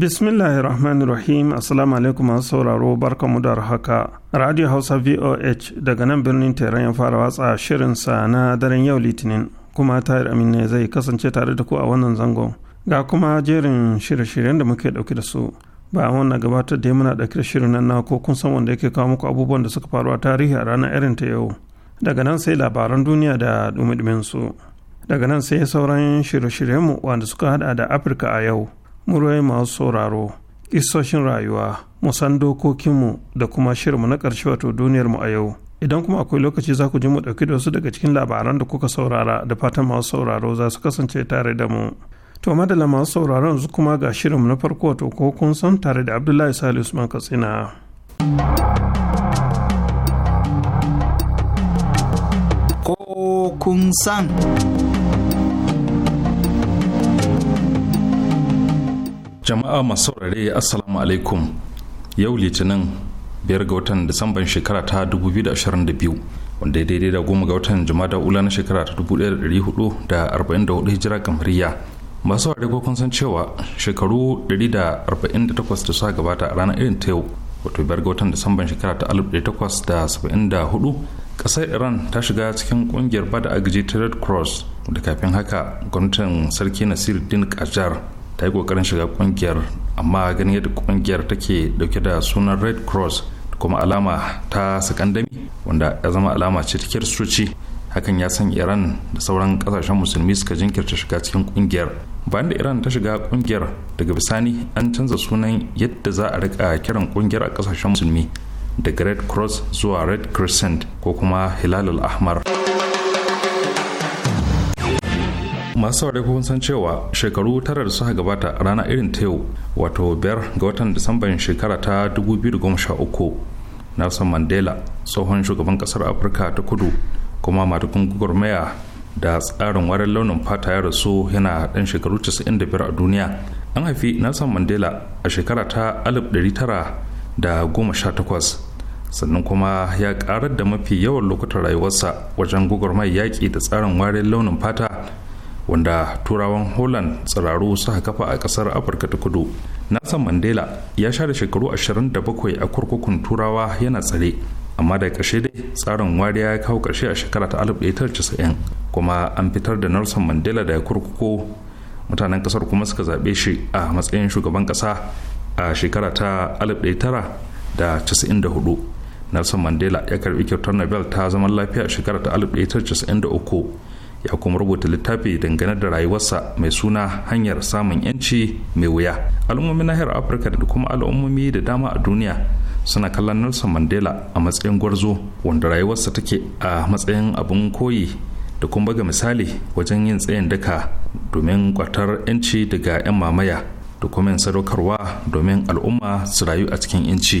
bismillahirrahmanirrahim rahim assalamu alaikum masu sauraro barkamu da haka radio hausa voh daga nan birnin teran ya fara watsa shirinsa na daren yau litinin kuma tayar amina zai kasance tare da ku a wannan zango ga kuma jerin shirye-shiryen da muke dauke da su ba a wannan gabatar da muna dauke da shirin nan na ko kun san wanda yake kawo muku abubuwan da suka faru a tarihi a ranar irin ta yau daga nan sai labaran duniya da dumi su daga nan sai sauran shirye-shiryenmu wanda suka hada da afirka a yau murai masu sauraro isoshin rayuwa mu san dokokinmu da kuma shirinmu na ƙarshe wato duniyarmu a yau idan kuma akwai lokaci za ku ji mu ɗauki da wasu daga cikin labaran da kuka saurara da fatan masu sauraro za su kasance tare da mu to madalla masu sauraro yanzu kuma ga shirinmu na farko wato ko kun san tare da abdullahi salisu usman katsina ko kun san jama'a masu saurare assalamu alaikum yau litinin biyar ga watan disamban shekara ta 2022 wanda ya daidai da goma ga watan jama'a ula na shekara ta 1444 hijira kamariya masu saurare ko kun san cewa shekaru 148 da suka gabata a ranar irin ta yau wato biyar ga watan disamban shekara ta 1874 kasar iran ta shiga cikin kungiyar bada agaji ta red cross da kafin haka gwamnatin sarki din kajar ta yi kokarin shiga kungiyar amma ganin yadda kungiyar take dauke da sunan red cross kuma alama ta sakandami wanda ya zama alama ce ta kiristoci hakan ya san iran da sauran kasashen musulmi suka jinkirta shiga cikin kungiyar bayan da iran ta shiga kungiyar daga bisani an canza sunan yadda za a rika kiran kungiyar a kasashen musulmi daga red cross zuwa red crescent ko kuma hilal al-ahmar masu saurari kun san cewa shekaru tara da suka gabata rana irin ta yau wato biyar ga watan disamban shekara ta 2013 nelson mandela tsohon shugaban kasar afirka ta kudu kuma matukun gwagwarmaya da tsarin warin launin fata ya rasu yana dan shekaru 95 a duniya an haifi nelson mandela a shekara ta 1918 sannan kuma ya karar da mafi yawan lokutan rayuwarsa wajen gwagwarmar yaƙi da tsarin warin launin fata wanda turawan holland tsiraru suka kafa a kasar afirka ta kudu nelson mandela ya share shekaru 27 a kurkukun turawa yana tsare amma da karshe dai tsarin wariya ya kawo ƙarshe a shekara ta 1990 kuma an fitar da nelson mandela da kurkuku mutanen kasar kuma suka zaɓe shi a matsayin shugaban ƙasa a shekara ta 1994 nelson mandela ya karbi kyautar nobel ta zaman lafiya a shekara ta 1993 ya kuma rubuta littafi dangane da rayuwarsa mai suna hanyar samun yanci mai wuya al'ummomin nahiyar afirka da kuma al'ummomi da dama a duniya suna kallon nelson mandela a matsayin gwarzo wanda rayuwarsa take a matsayin abin koyi da kuma baga misali wajen yin tsayin daka domin kwatar yanci daga 'yan mamaya da kuma sadaukarwa domin al'umma su rayu a cikin yanci.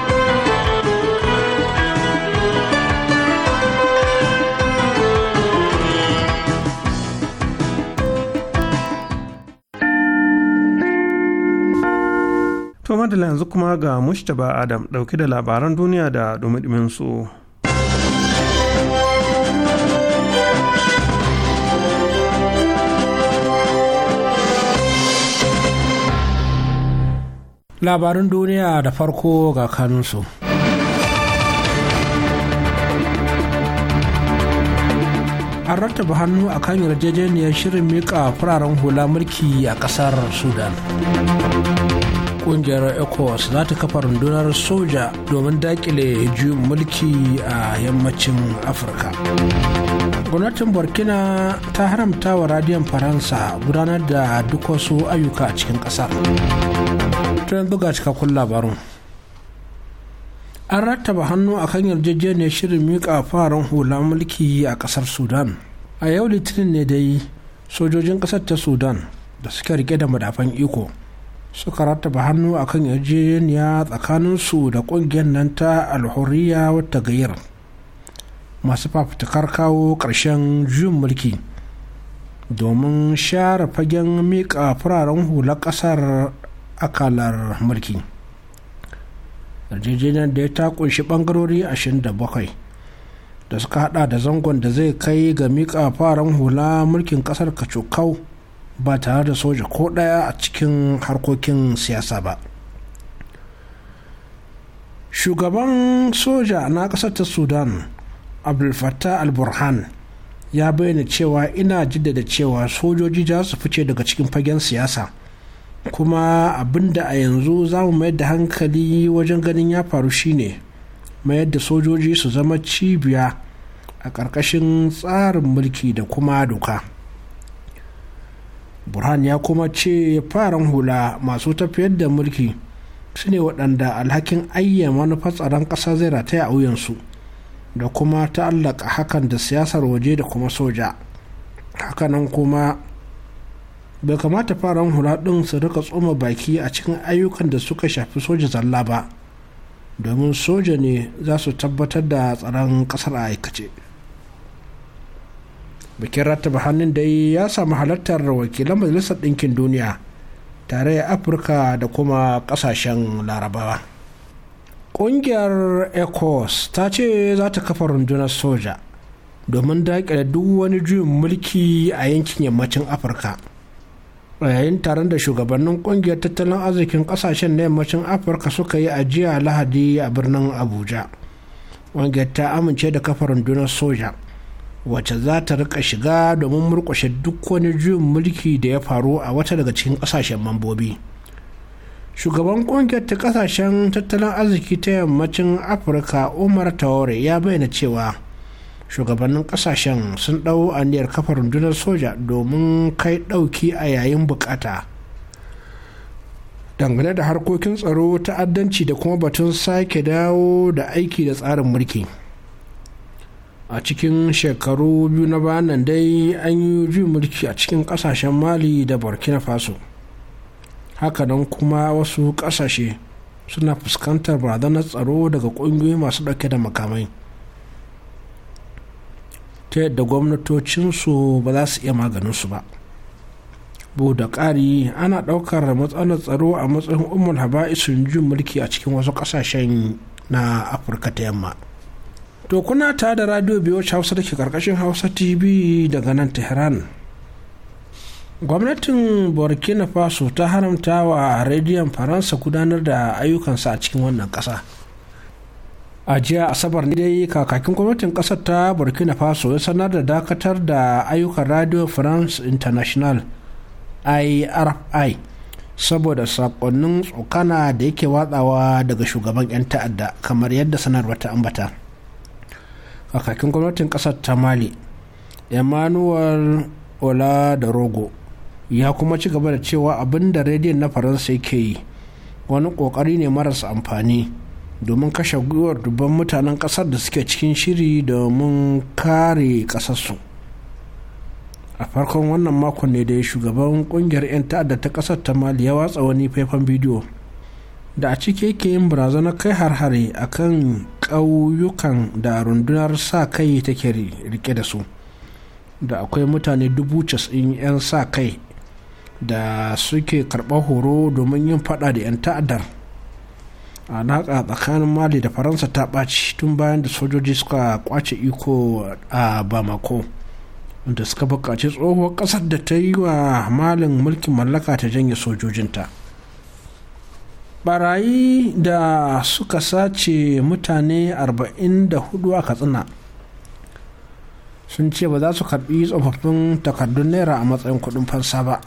To madalla yanzu kuma ga Mushtaba Adam dauke da labaran duniya da dumi su. Labarin duniya da farko ga kanunsu. An rattaba hannu a kan yarjejeniyar shirin mika fararen hula mulki a ƙasar Sudan. kungiyar ecowas za ta kafa rundunar soja domin dakile juyin mulki a yammacin afirka gwamnatin burkina ta haramta wa radiyon faransa gudanar da duk wasu ayyuka a cikin kasar tun buga cikakkun labarun an rattaba hannu a kan yarjejeniyar shirin miƙa farin hula mulki a ƙasar sudan a yau litinin ne dai sojojin ƙasar ta sudan da suka rike da madafan iko suka rattaba hannu a kan yarjejeniya su da kungiyar nan ta alhuriya wata gayar masu fafutukar kawo ƙarshen juyin mulki domin share fagen miƙa fararen hular ƙasar akalar mulki yarjejeniyar da ya ta kunshi ɓangarori 27 da suka hada da zangon da zai kai ga miƙa fararen hula mulkin ƙasar kacokau ba tare da soja ko ɗaya a cikin harkokin siyasa ba shugaban soja na ƙasar ta sudan abdulfattah al-burhan ya bayyana cewa ina jaddada cewa sojoji za su fice daga cikin fagen siyasa kuma abinda a yanzu za mu mayar da hankali wajen ganin ya faru shine mayar da sojoji su zama cibiya a ƙarƙashin tsarin mulki da kuma doka. burhan ya kuma ce faran hula masu tafiyar da mulki su ne waɗanda alhakin ayya manufar tsaron ƙasa zai rataya a wuyansu da kuma ta'allaka hakan da siyasar waje da kuma soja hakanan kuma bai kamata faran hula ɗin su rika tsoma baki a cikin ayyukan da suka shafi soja zalla ba domin soja ne za su tabbatar da tsaron ƙasar a aikace. bikin rattaba hannun dai ya samu halartar wakilan majalisar ɗinkin duniya tare afirka da kuma ƙasashen larabawa ƙungiyar ecos ta ce za ta kafa rundunar soja domin daƙile duk wani juyin mulki a yankin yammacin afirka a yayin taron da shugabannin ƙungiyar tattalin arzikin ƙasashen na yammacin afirka suka yi ajiya lahadi a birnin abuja ƙungiyar ta amince da kafa rundunar soja wacce za ta rika shiga domin murkushe duk wani juyin mulki da ya faru a wata daga cikin kasashen mambobi shugaban kungiyar ta kasashen tattalin arziki ta yammacin afirka umar taore ya bayyana cewa shugabannin kasashen sun ɗau aniyar kafa rundunar soja domin kai ɗauki a yayin bukata dangane da harkokin tsaro ta'addanci da kuma batun sake dawo da aiki da tsarin mulki. a cikin shekaru biyu na banan dai an yi juyin mulki a cikin kasashen mali da burkina faso hakanan kuma wasu kasashe suna fuskantar barazanar tsaro daga ƙungiyoyi masu ɗauke da makamai ta yadda gwamnatocinsu ba za su iya maganinsu ba bugu da ƙari ana ɗaukar matsalar tsaro a matsayin umar haba'isun jin mulki a cikin wasu ƙasashen na afirka ta yamma to kuna ta da radio biyu hausa da ke karkashin hausa tv daga nan tehran gwamnatin burkina faso ta haramta wa rediyon faransa gudanar da ayyukansa a cikin wannan ƙasa a jiya asabar ne dai kakakin gwamnatin ƙasar ta burkina faso ya sanar da dakatar da ayyukan radio france international irfi saboda sakonnin tsokana da yake watsawa daga shugaban 'yan ta'adda kamar yadda sanarwa ta ambata a kakin gwamnatin kasar ta mali emmanuel ola da rogo ya kuma ci gaba da cewa abin da rediyon na faransa yake yi wani kokari ne marasa amfani domin kashe gwiwar dubban mutanen kasar da suke cikin shiri domin kare kasarsu a farkon wannan makon ne da shugaban kungiyar 'yan ta'adda ta kasar ta mali ya watsa wani faifan bidiyo da a cike yake yin barazanar kai har-hare a kan ƙauyukan da rundunar sa kai take rike da su da akwai mutane dubu casa'in 'yan sa kai da suke karɓar horo domin yin fada da 'yan ta'addar a alaƙa tsakanin mali da faransa ta ɓaci tun bayan da sojoji suka kwace iko a bamako da suka buƙaci tsohuwar ƙasar da ta yi wa malin mulkin mallaka ta janye sojojinta. barayi da suka sace mutane 44 a katsina sun ce ba za su karbi tsofaffin takardun naira a matsayin kudin fansa ba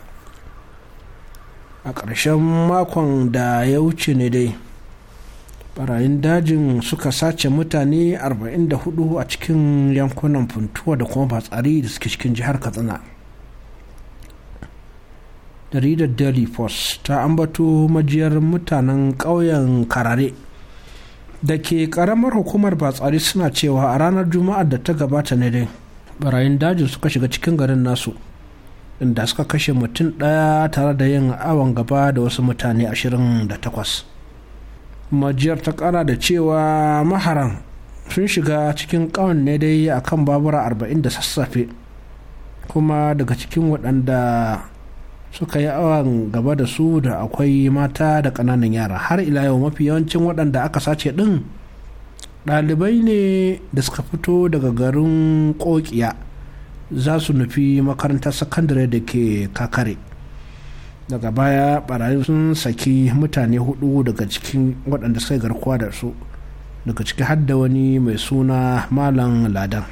a ƙarshen makon da ya wuce ne dai barayin dajin suka sace mutane 44 a cikin yankunan funtuwa da kuma batsari da suke cikin jihar katsina jaridar daily ta ambato majiyar mutanen ƙauyen karare da ke ƙaramar hukumar batsari suna cewa a ranar juma'ar da ta gabata ne dai barayin dajin suka shiga cikin garin nasu inda suka kashe mutum ɗaya tare da yin awon gaba da wasu mutane 28 majiyar ta kara da cewa maharan sun shiga cikin kawon ne dai akan babura arba'in da sassafe kuma daga cikin waɗanda suka yi awan gaba da su da akwai mata da ƙananan yara har ila yau mafi yawancin waɗanda aka sace ɗin ɗalibai ne da suka fito daga garin ƙoƙiya za su nufi makarantar sakandare da ke kakare daga baya barayin sun saki mutane hudu daga cikin waɗanda suka garkuwa da su daga ciki hadda wani mai suna malam ladan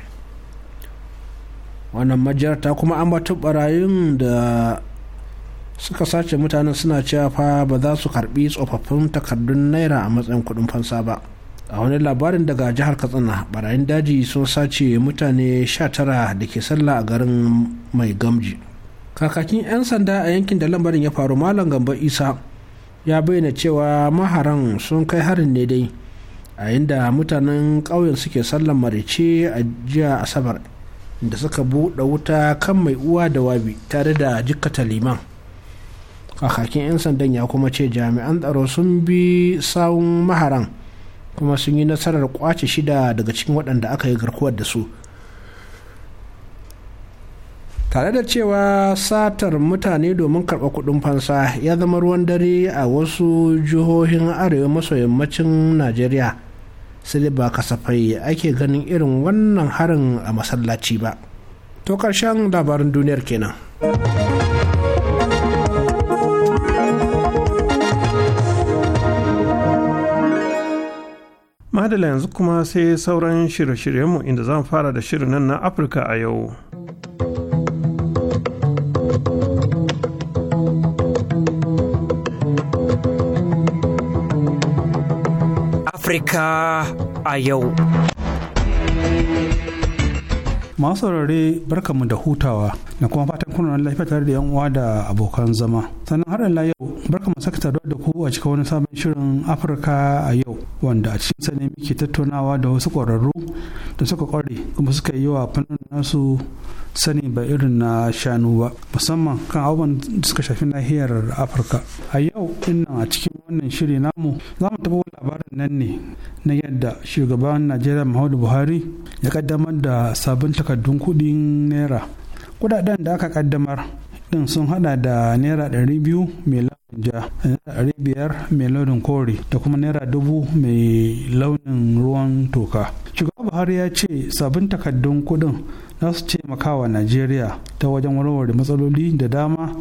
wannan majiyar ta kuma batu barayin da suka sace mutanen suna cewa fa ba za su karbi tsofaffin takardun naira a matsayin kuɗin fansa ba a wani labarin daga jihar katsina barayin daji sun sace mutane 19 da ke sallah a garin mai gamji kakakin 'yan sanda a yankin da lambarin ya faru malam gamba isa ya bayyana cewa maharan sun kai harin ne dai a inda mutanen ƙauyen suke sallan marice a jiya asabar da suka buɗe wuta kan mai uwa da wabi tare da jikkata liman kakakin 'yan sandan ya kuma ce jami'an tsaro sun bi sawun maharan kuma sun yi nasarar kwace shida daga cikin waɗanda aka yi garkuwar da su tare da cewa satar mutane domin karɓa kuɗin fansa ya zama ruwan dare a wasu jihohin arewa maso yammacin najeriya sai ba kasafai ake ganin irin wannan harin a masallaci ba to ƙarshen labarin duniyar kenan. madala yanzu kuma sai sauran shirye-shiryenmu inda zan fara da shirin nan na afirka a yau afirka a yau masu rare barkamu da hutawa da kuma fatan kuna lafiya tare da yan uwa da abokan zama sannan har saduwa da ku a cikin wani sabon shirin afirka a yau wanda a cikin sa ne muke tattaunawa da wasu ƙwararru da suka ƙware kuma suka yi wa fannin nasu sani ba irin na shanu ba musamman kan abubuwan da suka shafi nahiyar afirka a yau dinnan a cikin wannan shiri namu za mu taɓa labarin nan ne na yadda shugaban najeriya muhammadu buhari ya kaddamar da sabon takardun kuɗin naira kudaden da aka kaddamar din sun hada da naira 200 mai ja naira biyar mai launin kori da kuma naira dubu mai launin ruwan toka shugaba buhari ya ce sabbin takaddun kudin na su taimaka wa najeriya ta wajen warware matsaloli da dama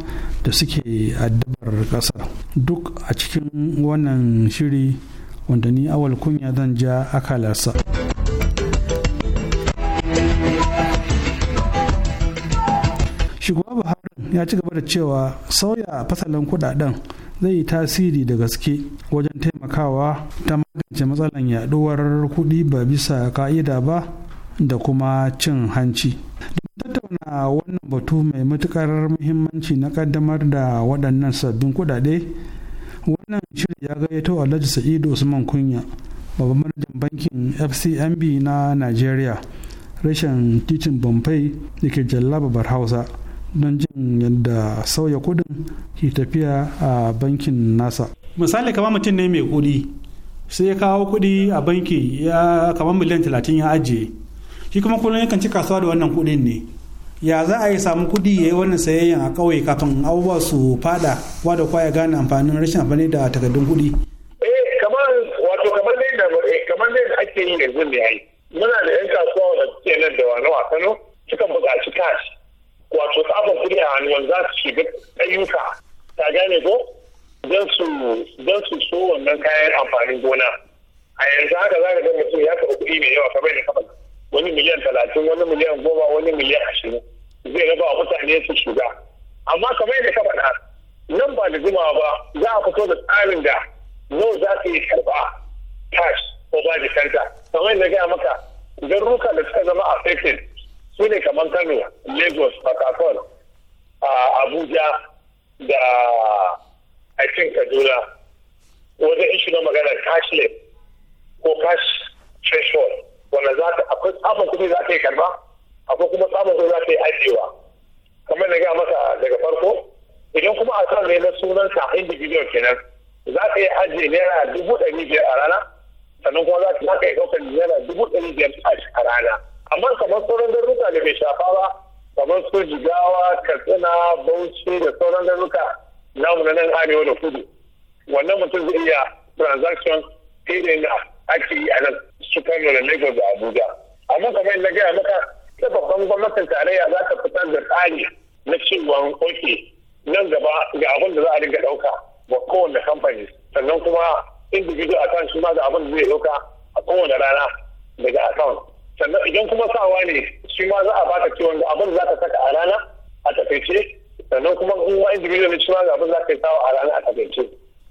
da suke addabar kasar duk a cikin wannan shiri wanda ni awal kunya zan ja akalarsa. shugaba buhari ya ci gaba da cewa sauya fasalin kudaden zai yi tasiri da gaske wajen taimakawa ta magance matsalan yaduwar kudi ba bisa ka'ida ba da kuma cin hanci tattauna wannan batu mai matukar muhimmanci na kaddamar da waɗannan sabbin kudade wannan shirin ya gayyato alhaji sa'idu usman kunya babban manajan bankin fcmb na nigeria rashin titin bombay da ke jallaba hausa don jin yadda sauya kudin ke tafiya a bankin nasa misali kamar mutum ne mai kudi sai ya kawo kudi a banki ya kamar miliyan talatin ya ajiye shi kuma kullum yakan ci kasuwa da wannan kudin ne ya za a yi samu kudi ya yi wannan sayayyan a kauye kafin abubuwa su fada wada kwaya gane amfanin rashin amfani da takardun kudi eh, eh, ake yi yanzu ne muna da yan kasuwa wanda suke nan da wani wasano suka buƙaci kashi wato tsafin kuɗi a hannu za su shiga ayyuka ta gane ko don su so wannan kayan amfanin gona a yanzu haka za ka ga mutum ya taɓa kuɗi mai yawa kamar da kamar wani miliyan talatin wani miliyan goma wani miliyan ashirin zai raba wa mutane su shiga amma kamar da ka faɗa nan ba da jimawa ba za a fito da tsarin da nawa za ka yi karɓa cash ko ba da kanta kamar da gaya maka garuruka da suka zama affected su ne kamar kano lagos pakakon abuja da aikin kaduna wajen ishi na magana cashless ko cash threshold wanda za ta akwai tsamin kuɗi za ta yi karba akwai kuma tsamin kuɗi za ta yi ajiyewa kamar na gaya masa daga farko idan kuma a kan ne na sunan sa individual kenan za ka yi ajiye naira dubu ɗari biyar a rana sannan kuma za ka yi ɗaukar naira dubu ɗari biyar a rana amma kamar sauran garuruka da bai shafa ba kamar su jigawa katsina bauchi da sauran garuruka namu na nan arewa da kudu wannan mutum zai iya transaction irin da ake yi a nan su kano da lagos da abuja amma kamar na gaya maka ta babban gwamnatin tarayya za ta fitar da tsari na cewa oke nan gaba ga abin da za a dinga dauka wa kowane kamfani sannan kuma individual account shi ma ga abin da zai ɗauka a kowane rana daga account sannan idan kuma sawa ne shi ma za a baka ciwon da abin za ka saka a rana a takaice sannan kuma in ma individual ne shi ma abin za ka yi sawa a rana a takaice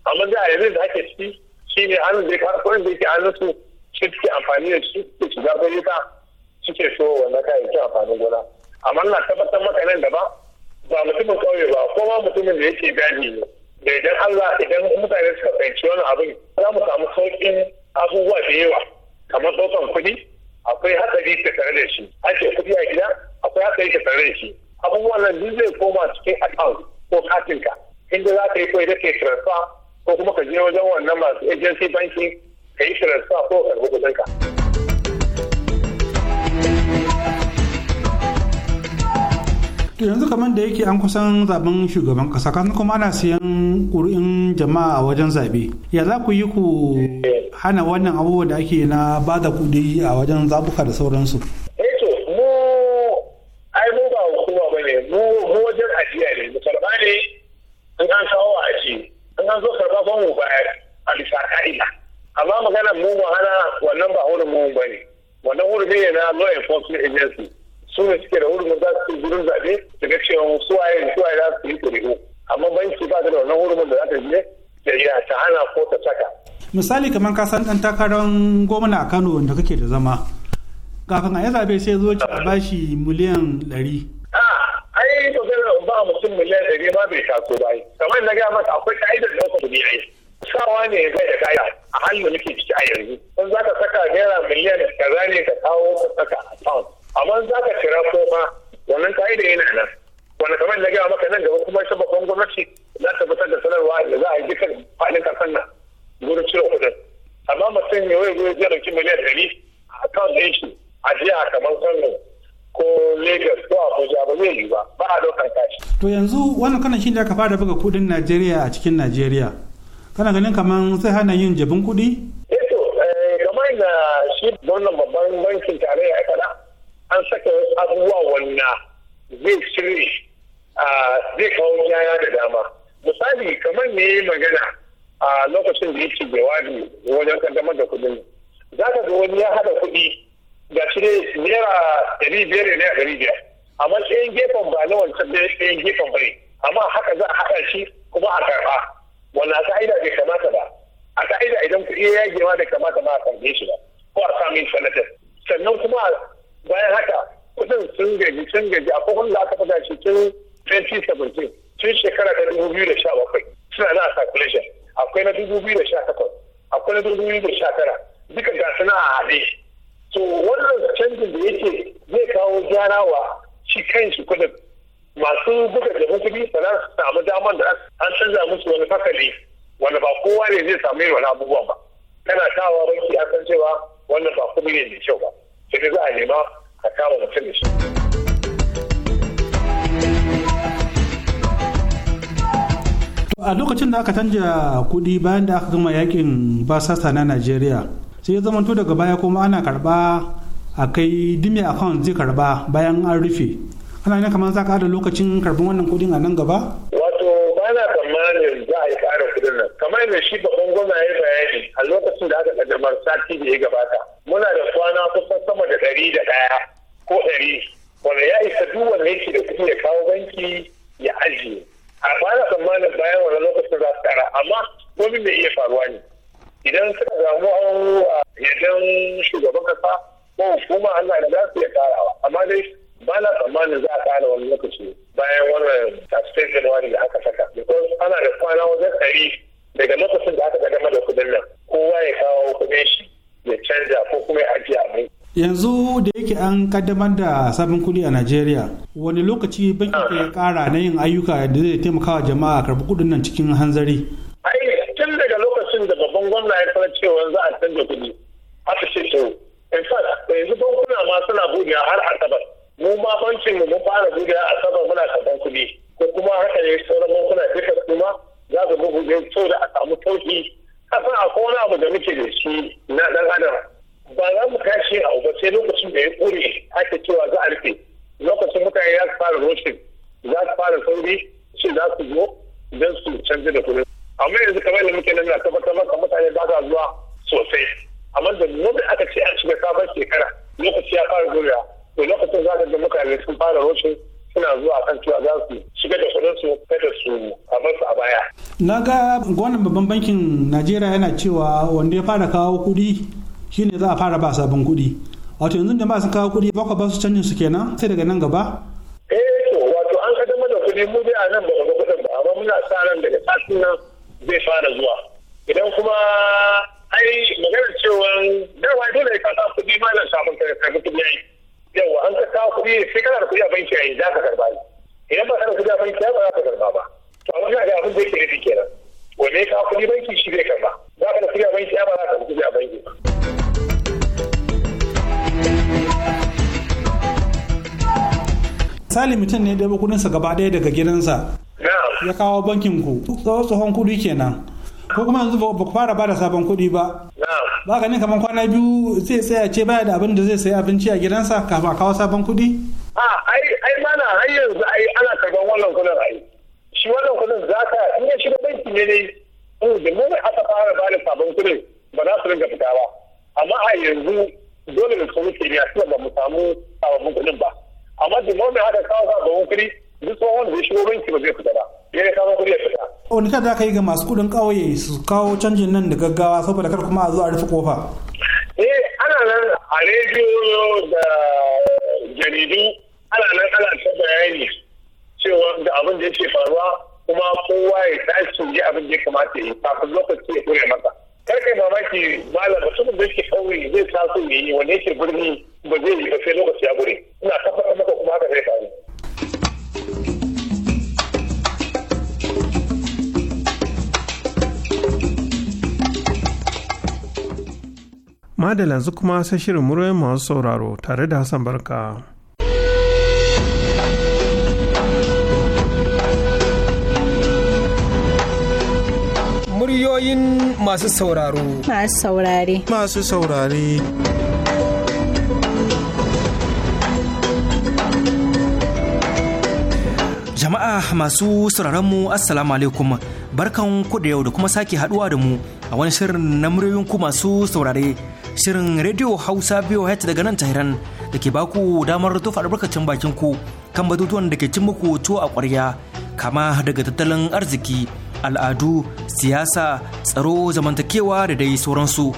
amma da yanzu da ake ciki shi ne an zai kar kuma da yake an su shi suke amfani da shi suke shiga bayyuka suke so wannan kayayyakin amfanin gona amma na tabbatar maka nan da ba ba mutumin kauye ba ko ma mutumin da yake daji ne da idan Allah idan mutane suka fahimci wani abin za mu samu sauƙin abubuwa da yawa kamar ɗaukan kuɗi akwai hatsari ta tare da shi ake kudi a gida akwai hatsari ta tare da shi abubuwan nan duk zai koma cikin account ko katinka inda za ka yi kawai da ke transfer ko kuma ka je wajen wannan masu agency banking ka yi transfer ko ka kudin ka yanzu kamar da yake an kusan zaben shugaban kasa kan kuma ana siyan ƙuri'in jama'a a wajen zabe ya za ku yi ku hana wannan abubuwa da ake na ba da kuɗi a wajen zabuka da sauransu eto eh mu ai mu ba hukuma ba ne mu wajen ajiya ne mu ne in an kawo aji in an zo karɓa mu a bisa ka'ida amma maganar mu wahala wannan ba hurumin mu ba ne wannan hurumi ne na law enforcement agency su ne suke da hurumin za su gurin zaɓe su ga cewa su waye su za su yi ƙuri'u amma banki ba ta da wannan hurumin da za ta je da ya ta hana ko ta saka. misali kamar ka san ɗan takarar gwamna a kano wanda kake da zama kafin a yi zaɓe sai zo ki a bashi miliyan ɗari. a ai to zai ba mutum miliyan ɗari ma bai taso ba kamar na gaya masa akwai ka'idar ɗaukar sawa ne ya kai da kaya a halin da ciki a yanzu in za ka saka naira miliyan kaza ne ka kawo ka saka a pound amma za ka kira ko ma wannan ka'ida yana nan wanda kamar na gaya maka nan gaba kuma ita babban gwamnati za ta fitar da sanarwa da za a yi dukkan faɗin kasan nan gurin cire kuɗin amma mutum ya wai gurin ɗauki miliyan ɗari a kan ɗin a jiya kamar kano ko lagos ko abuja ba zai yi ba ba a ɗaukar kashi. to yanzu wannan kanan shi da aka fara buga kuɗin najeriya a cikin najeriya kana ganin kamar sai hana yin jabin kuɗi. eh, eh kamar da shi wannan babban bankin tarayya ya faɗa an saka wasu abubuwa wanda zai a zai kawo yaya da dama misali kamar ne magana a lokacin da yake jawabi wajen kaddamar da kudin za ka ga wani ya haɗa kuɗi ga shi ne naira ɗari biyar da naira ɗari biyar amma ɗayan gefen ba na wancan ɗayan gefen bai amma haka za a haɗa shi kuma a karɓa wannan ka'ida bai kamata ba a ka'ida idan kuɗi ya yagewa da kamata ba a karɓe shi ba ko a samun sanatar sannan kuma bayan haka kudin sun gaji sun gaji akwai da aka faɗa shi tun 2017 tun shekara ta 2017 suna na calculation akwai na 2018 akwai na 2019 duka ga suna a haɗe so wannan canjin da yake zai kawo gyara wa shi kan shi kudin masu buga da hukumi sana su samu damar da an canza musu wani fakali wanda ba kowa ne zai samu yin wani abubuwan ba kana tawa banki a san cewa wannan ba kuma ne mai kyau ba sai za a nema a kama mutum shi. a lokacin da aka canja kuɗi bayan da aka gama yakin basasa na najeriya sai ya zamanto daga baya kuma ana karba a kai dimi account zai karba bayan an rufe ana ne kamar za ka lokacin karban wannan kudin a nan gaba kudin nan kamar da shi babban gwamna ya bayani a lokacin da aka kaddamar sati da ya gabata muna da kwana kusan sama da ɗari da ɗaya ko ɗari wanda ya isa duk wanda yake da kuɗi ya kawo banki ya ajiye a fara tsammanin bayan wani lokacin za su tara amma gobe bai iya faruwa ne idan suka samu an yadda shugaban kasa ko hukuma Allah da za su iya tarawa amma dai ba na tsammanin za a ƙara wani lokaci bayan wannan tasirin januwari da aka saka because ana da kwana wajen ɗari daga lokacin da aka ga game da kuɗin nan kowa ya kawo kuɗin shi ya canja ko kuma ya ajiye abu yanzu da yake an kaddamar da sabon kuɗi a najeriya wani lokaci banki ke ya kara ah. na yin ayyuka da zai taimaka wa jama'a karɓi kuɗin nan cikin hanzari ai tun daga lokacin da babban gwamna ya fara cewa za a canza kuɗi aka ce so in fact yanzu bankuna ma suna buɗewa har asabar mu ma bankin mu mun fara buɗe a sabar muna karɓan kuɗi ko kuma haka ne sauran bankuna duka kuma za su so da a samu sauki san a kowane abu da muke da shi na ɗan adam ba za mu tashi a uba sai lokacin da ya ƙure ake cewa za a rufe lokacin mutane za fara roshin za su fara sauri shi za su zo don su canza da kuɗin amma yanzu kamar da muke nan na tabbatar maka mutane ba sa zuwa sosai amma da aka ce a shiga sabon shekara lokaci ya fara zuwa da lokacin zaɓen da mutane sun fara roce suna zuwa kan cewa za su shiga da kudin su kada su a su a baya. Na ga gwamnan babban bankin Najeriya yana cewa wanda ya fara kawo kuɗi shine za a fara ba sabon kuɗi. Wato yanzu da ba su kawo kuɗi ba ba su canjin su kenan sai daga nan gaba? Eh wato an kaddamar da kuɗi mu dai a nan ba ga kuɗin ba amma muna sa ran daga satin nan zai fara zuwa. Idan kuma ai maganar cewa dama dole ka sa kuɗi ma na sabon ka karɓi kuɗi yawa an ka kawo kuɗi sai kana da kuɗi a banki a yi za ka karba ne idan ba ka da kuɗi a banki ba za ka karba ba to amma ga abin da yake nufi kenan wanne ya kawo kuɗi banki shi zai karba za ka da kuɗi a banki ba za ka da kuɗi a banki ba. misali mutum ne ya ya kudinsa gaba ɗaya daga gidansa ya kawo bankin ku tsohon kuɗi kenan ko kuma yanzu ba ku fara bada sabon kuɗi ba ba ganin kamar kwana biyu zai tsaya ce baya da abin da zai sayi abinci a gidansa kafin a kawo sabon kuɗi? a ai ai mana har yanzu ai ana karban wannan kuɗin ai shi wannan kuɗin za ka in ya shiga banki ne ne da mu aka fara da sabon kuɗin ba za su ringa fita ba amma a yanzu dole ne su ke ya ba mu samu sabon kuɗin ba amma da mu aka kawo sababbin kuɗi duk tsohon da ya shigo banki ba zai fita ba ya kama kawo a fita. wani oh, ka yi ga masu kuɗin ƙauye su kawo canjin nan da gaggawa saboda kar kuma a zo a rufe kofa. eh ana nan a rediyo da jaridu ana nan ana ta bayani cewa da abin da yake faruwa kuma kowa ya tashi ji abin da ya kamata yi kafin lokaci ya kure masa. kar kai mamaki malam mutumin da yake kauye zai sa su yi wani yake birni ba zai yi ba sai lokaci ya gure ina tabbatar maka kuma haka zai faru. madalla yanzu kuma sai shirin muryoyin masu sauraro tare da hassan barka muryoyin masu sauraro masu saurare masu saurare jama'a masu sauraron mu assalamu alaikum barkan ku da yau da kuma sake haduwa da mu a wani shirin na muryoyin ku masu saurare shirin Radio Hausa biyu hat daga nan Tahiran da ke baku damar tofa albarkacin bakin ku kan batutuwan da ke cin muku tuwo a ƙwarya kama daga tattalin arziki al'adu siyasa tsaro zamantakewa da dai sauransu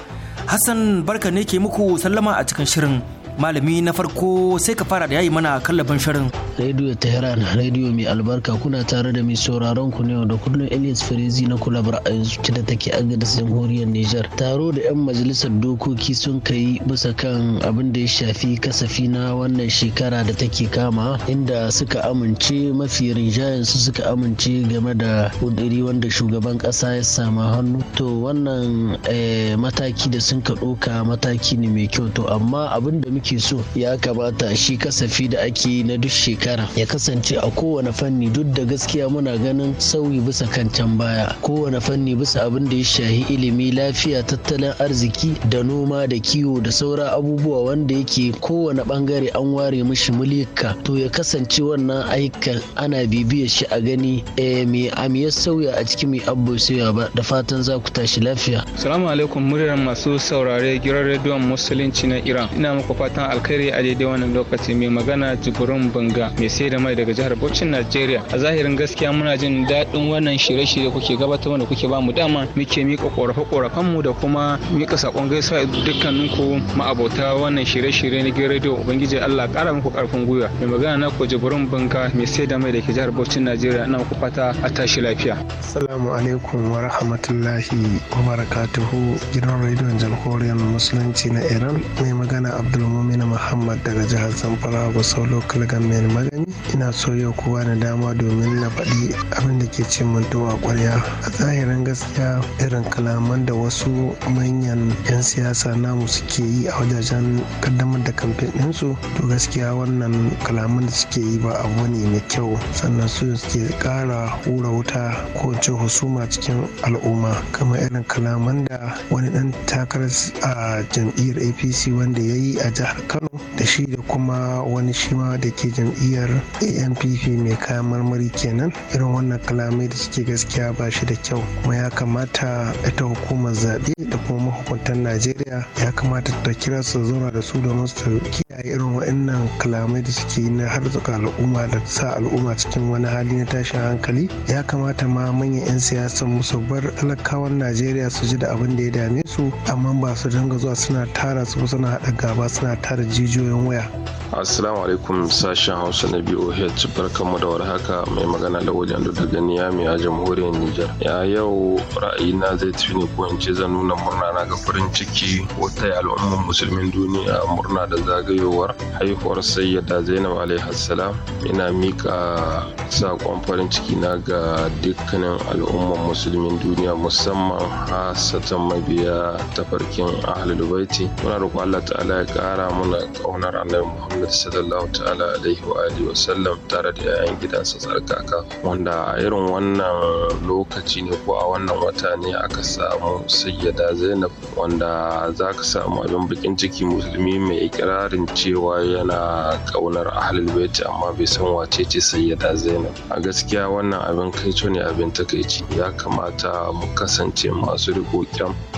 Hassan barka ne ke muku sallama a cikin shirin malami na farko sai ka fara da yayi mana kallabin shirin radio tehran radio mai albarka kuna tare da mai sauraron ku ne da kullum elias ferezi na kulabar a zuci da take agada jamhuriyar niger taro da yan majalisar dokoki sun kai bisa kan abin da ya shafi kasafi na wannan shekara da take kama inda suka amince mafi rinjayen su suka amince game da kudiri wanda shugaban kasa ya sama hannu to wannan eh, mataki da sun ka ɗauka mataki ne mai kyau to amma abin da muke ke so ya kamata shi kasafi da ake yi na duk shekara ya kasance a kowane fanni duk da gaskiya muna ganin sauyi bisa kan can baya kowane fanni bisa abin da ya shahi ilimi lafiya tattalin arziki da noma da kiwo da saura abubuwa wanda yake kowane bangare an ware mishi mulika to ya kasance wannan aikan ana bibiyar shi a gani eh me am sauya a cikin mai abbo sauya ba da fatan za ku tashi lafiya salamu alaikum muryar masu saurare giran rediyon musulunci na iran ina muku fata fatan alkhairi a daidai wannan lokaci mai magana jibrin banga mai sai da mai daga jihar Bauchin Najeriya a zahirin gaskiya muna jin daɗin wannan shirye-shirye kuke gabatar wanda kuke ba mu dama muke mika korafe-korafen mu da kuma mika sakon gaisuwa dukkanin ku ma'abota wannan shirye-shirye na gidan rediyo ubangiji Allah ƙara muku ƙarfin gwiwa mai magana na ku jibrin banga mai sai da mai daga jihar Bauchin Najeriya ina ku fata a tashi lafiya assalamu alaikum wa rahmatullahi wa barakatuhu gidan rediyon jamhuriyar musulunci na Iran mai magana Abdulmumin amina Muhammad daga jihar Zamfara Gusau Local Government Magani. Ina so yau kowa na dama domin na faɗi abin da ke ce mun a ƙwarya. A zahirin gaskiya irin kalaman da wasu manyan 'yan siyasa namu suke yi a wajajen kaddamar da kamfen ɗinsu to gaskiya wannan kalaman da suke yi ba abu ne mai kyau sannan su suke ƙara hura wuta ko ce husuma cikin al'umma kamar irin kalaman da wani ɗan takarar a jam'iyyar apc wanda ya yi a jihar jihar kano da shi da kuma wani shima da ke jam'iyyar ampp mai kayan marmari kenan irin wannan kalamai da suke gaskiya ba shi da kyau kuma ya kamata ita hukumar zaɓe da kuma mahukuntan najeriya ya kamata ta kira su zauna da su domin su kiyaye irin waɗannan kalamai da suke yi na harzuka al'umma da sa al'umma cikin wani hali na tashin hankali ya kamata ma manyan 'yan siyasa musu bar talakawan najeriya su ji da abin da ya dame su amma ba su dinga zuwa suna tara su suna haɗa gaba suna tare jijiyoyin waya Assalamu alaikum sashen Hausa na biyu BOH mu da haka, mai magana da wajen da daga Niyami a jamhuriyar Nijar. Ya yau ra'ayina zai tafi ne ko in ce zan nuna murna na ga farin ciki wata al'ummar musulmin duniya murna da zagayowar haihuwar sayyada Zainab alaihi salam. Ina mika sakon farin ciki na ga dukkanin al'ummar musulmin duniya musamman hasatan mabiya tafarkin ahlul baiti. Muna da Allah ta'ala ya ƙara muna ƙaunar annabi muhammad sallallahu ta'ala alaihi wa alihi wa sallam tare da yayan gidansa tsarkaka wanda a irin wannan lokaci ne ko a wannan wata ne aka samu sayyada zainab wanda za ka samu abin bakin ciki musulmi mai ikirarin cewa yana ƙaunar ahlul baiti amma bai san wace ce sayyada zainab a gaskiya wannan abin kaico ne abin takaici ya kamata mu kasance masu riƙo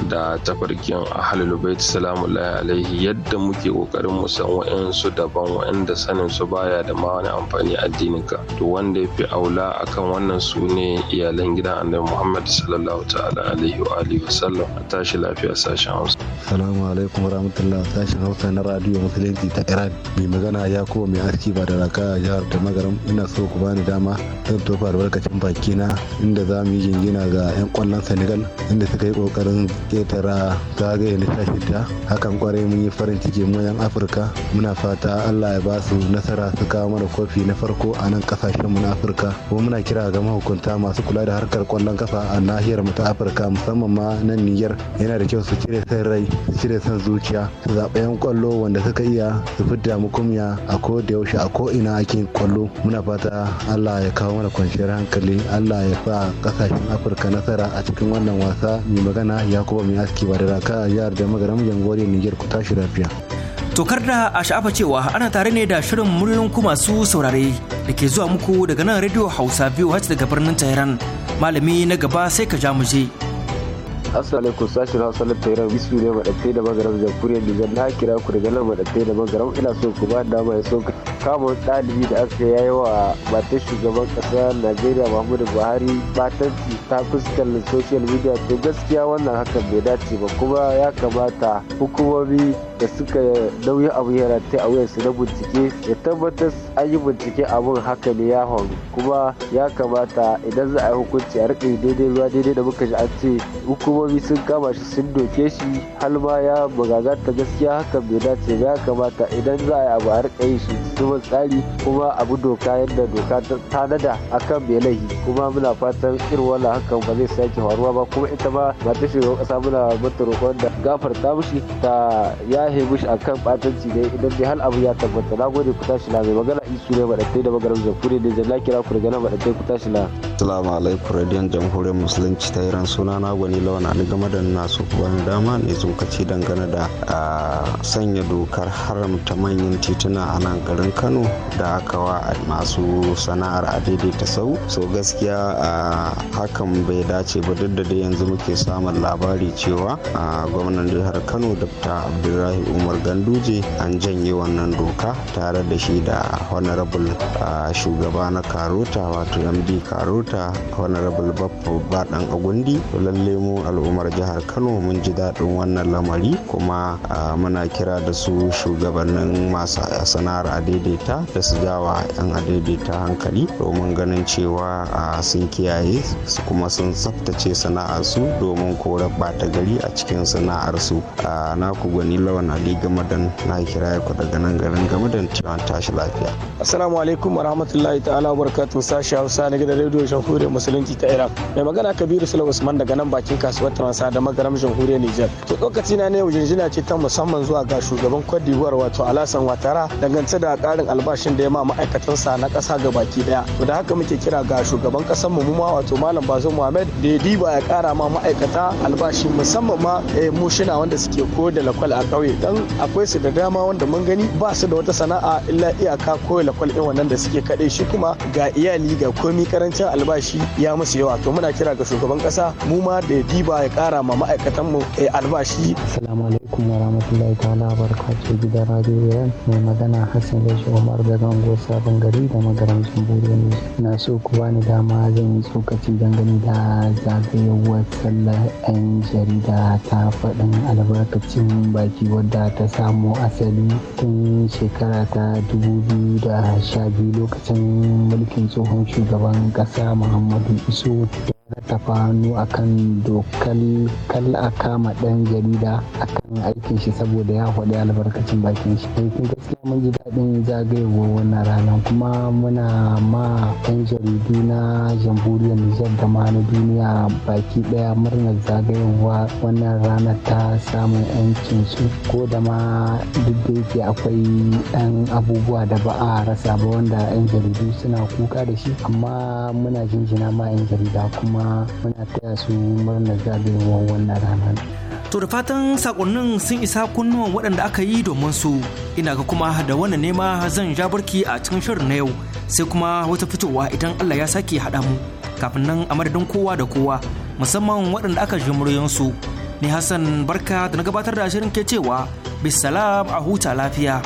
da tafarkin ahlul baiti salamullahi alaihi yadda muke kokarin mu san wa'ansu daban wa'anda sanin su baya da ma wani amfani addinin ka to wanda ya fi aula akan wannan su ne iyalan gidan annabi muhammad sallallahu ta'ala alaihi wa alihi wa sallam a tashi lafiya sashen hausa assalamu alaikum wa rahmatullah sashen hausa na radio musulunci ta iran mai magana ya kuma mai aski ba da raka jihar da magaram ina so ku bani dama zan tofa albarkacin baki na inda za mu yi jingina ga yan kwallon senegal inda suka yi kokarin ketara zagaye na shida hakan kwarai mun yi farin ciki mun 'yan afirka muna fata allah ya ba su nasara su kawo mana kofi na farko a nan kasashen mu na afirka kuma muna kira ga mahukunta masu kula da harkar kwallon kafa a nahiyar mu ta afirka musamman ma nan niger yana da kyau su cire san rai su cire san zuciya su zaɓa 'yan kwallo wanda suka iya su fidda mu kumya a ko da yaushe a ko ina ake kwallo muna fata allah ya kawo mana kwanciyar hankali allah ya sa kasashen afirka nasara a cikin wannan wasa mai magana yakuba mai aski ba da raka jihar da yan jamhuriyar niger ku tashi lafiya Tokar da a sha'afa cewa ana tare ne da shirin muryoyin ku masu saurare da ke zuwa muku daga nan Radio Hausa biyu har daga birnin Tehran. Malami na gaba sai ka ja mu je. assalamu alaikum sashen hausa na tehran bisu ne madadai da magaram jamhuriyar nijar na kira ku daga nan madadai da magaram ina so ku ba dama ya so kama ɗalibi da aka yayi wa matan shugaban ƙasa najeriya muhammadu buhari batanci ta fuskar social media to gaskiya wannan hakan bai dace ba kuma ya kamata hukumomi da suka nauyi abu ya ta a su na bincike ya tabbatar an yi bincike abun haka ne ya faru kuma ya kamata idan za a yi hukunci a riƙe daidai ruwa daidai da muka ji an ce hukumomi direbobi sun kama shi sun doke shi halba ya bugaganta gaskiya haka bai dace ba ya kamata idan za a yi abu a rika yi su tsari kuma abu doka yadda doka ta nada kan mai laihi kuma muna fatan irin wannan hakan ba zai sake faruwa ba kuma ita ma ba ta shiga kasa muna mata roƙon da gafarta mushi ta ya shi a kan batanci da idan dai hal abu ya tabbata na gode ku tashi na mai magana isu ne maɗatai da magaram zakuri da jalla kira ku daga nan maɗatai ku tashi na. Assalamu alaikum radiyon jamhuriyar musulunci ta iran suna na gwani launa ni game da nasu wani dama ne tsokaci dangane da sanya dokar haramta manyan tituna a nan garin kano da aka wa masu sana'ar a daidai ta sau so gaskiya a hakan bai dace ba duk da dai yanzu muke samun labari cewa a gwamnan jihar kano dr abdullahi umar ganduje an janye wannan doka tare da shi da honorable shugaba na karota wato md karota honorable babba baɗan agundi lalle mu a al'ummar jihar kano mun ji daɗin wannan lamari kuma muna kira da su shugabannin masu sana'ar adaidaita da su jawa 'yan adaidaita hankali domin ganin cewa sun kiyaye kuma sun tsaftace sana'ar su domin korar bata gari a cikin sana'ar su na ku gani lawan ali gamadan na kira ku daga nan garin gamadan cewa tashi lafiya assalamu alaikum warahmatullahi ta'ala wabarakatuh sashi hausa na gidan rediyo shafurin musulunci ta iran mai magana kabiru sulaw usman daga nan bakin kasuwa wata taransa da magaram jamhuriyar nijar to lokaci na ne jinjina ce ta musamman zuwa ga shugaban cote d'ivoire wato alasan watara dangance da karin albashin da ya ma sa na kasa ga baki daya to da haka muke kira ga shugaban kasar mu ma wato malam Bazo muhammad da ya diba ya kara ma ma'aikata albashi musamman ma eh, mushina wanda suke ko da lakwal a kauye dan akwai su da dama wanda mun gani ba su da wata sana'a illa iyaka ko lakwal ɗin wannan da suke kaɗai shi kuma ga iyali ga komi karancin albashi ya musu yawa to muna kira ga shugaban kasa mu ma da ya diba zuwa ya kara ma ma'aikatan mu eh, albashi assalamu alaikum wa rahmatullahi ta'ala wa gidan radio mai magana Hassan Lashi Umar da unguwar Sabon Gari da magaran ne. na so ku bani dama zan yi tsokaci dangane da zagayowar sallar 'yan jarida ta faɗin albarkacin baki wadda ta samu asali tun shekara ta biyu lokacin mulkin tsohon shugaban ƙasa Muhammadu Isu rattafa hannu akan dokar kal a kama ɗan jarida akan aikin shi saboda ya faɗi albarkacin bakin shi kun gaskiya mun ji daɗin zagayewar wannan ranar kuma muna ma ɗan jaridu na jamhuriyar nijar da ma na duniya baki ɗaya murnar zagayewa wannan ranar ta samun yancin su ko da ma duk da yake akwai ɗan abubuwa da ba a rasa ba wanda 'yan jaridu suna kuka da shi amma muna jinjina ma 'yan jarida kuma kuma muna taya su murnar wannan rana. To da fatan sakonnin sun isa kunnuwan waɗanda aka yi domin su ina ga kuma da wannan nema zan ja barki a cikin shirin na yau sai kuma wata fitowa idan Allah ya sake haɗa mu kafin nan a madadin kowa da kowa musamman waɗanda aka ji su ni Hassan barka da na gabatar da shirin ke cewa bisalam a huta lafiya.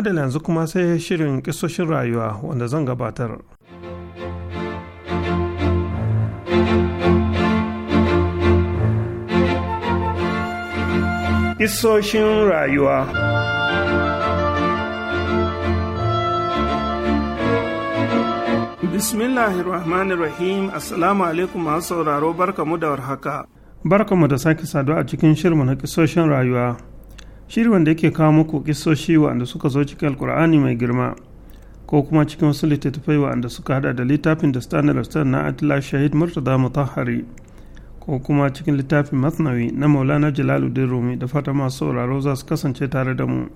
madalla yanzu kuma sai shirin kisoshin rayuwa wanda zan gabatar. Isoshin rayuwa Bismillahir Rahmanir Rahim Assalamu alaikum masu sauraro barkamu da warhaka. Barkamu da sake saduwa a cikin shirmu na kisoshin rayuwa. shiri wanda yake kawo muku kisoshi wanda suka zo cikin alkur'ani mai girma ko kuma cikin wasu littattafai wanda suka hada da littafin da stanar stan na atila shahid murtada mutahari ko kuma cikin littafin masnawi na maulana jalaluddin rumi da fata masu sauraro za su kasance tare da mu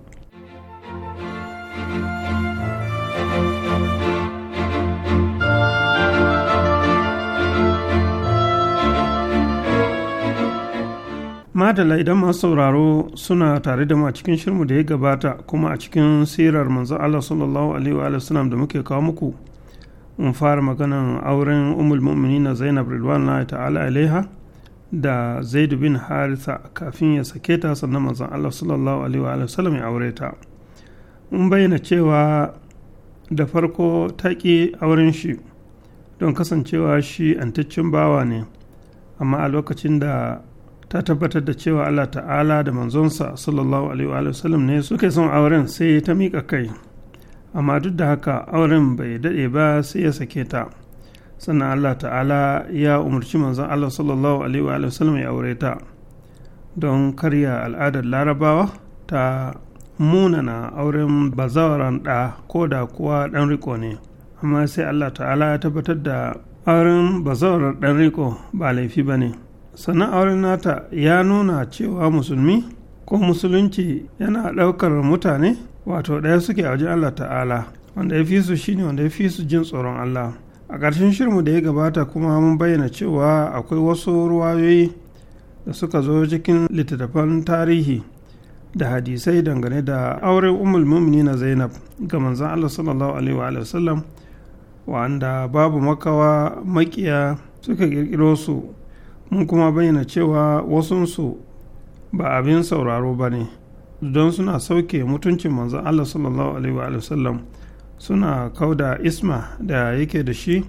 madala idan masu sauraro suna tare da mu a cikin shirmu da ya gabata kuma a cikin sirar manzo Allah sallallahu alaihi wa sallam da muke kawo muku Mun fara maganan auren umul na Zainab ridwanullahi ta'ala alaiha da Zaid bin Haritha kafin ya sake ta sannan manzon Allah sallallahu alaihi wa sallam ya aure ta mun bayyana cewa da farko ta ƙi auren shi don kasancewa shi antaccen bawa ne amma a lokacin da ta tabbatar da cewa Allah ta'ala da manzonsa sallallahu alaihi sallam ne suke son auren sai ta miƙa kai amma duk da haka auren bai daɗe ba sai ya sake ta sannan Allah ta'ala ya umarci manzon Allah sallallahu alaihi sallam ya aure ta don karya al'adar larabawa ta munana auren bazawaran ɗa ko da kuwa ɗan riko ne amma sai Allah ta'ala ya tabbatar da auren bazawarar ɗan riko ba laifi ba ne sannan auren nata ya nuna cewa musulmi ko musulunci yana ɗaukar mutane wato ɗaya suke a wajen allah ta'ala wanda ya fi su shine wanda ya fi su jin tsoron allah a ƙarshen shirmu da ya gabata kuma mun bayyana cewa akwai wasu ruwayoyi da suka zo cikin littattafan tarihi da hadisai dangane da auren umul na zainab ga manzan allah sallallahu alaihi wa sallam wa'anda babu makawa makiya suka ƙirƙiro su mun kuma bayyana cewa wasunsu ba abin sauraro ba ne don suna sauke mutuncin manzon Allah sallallahu alaihi wa sallam suna kauda isma da yake da shi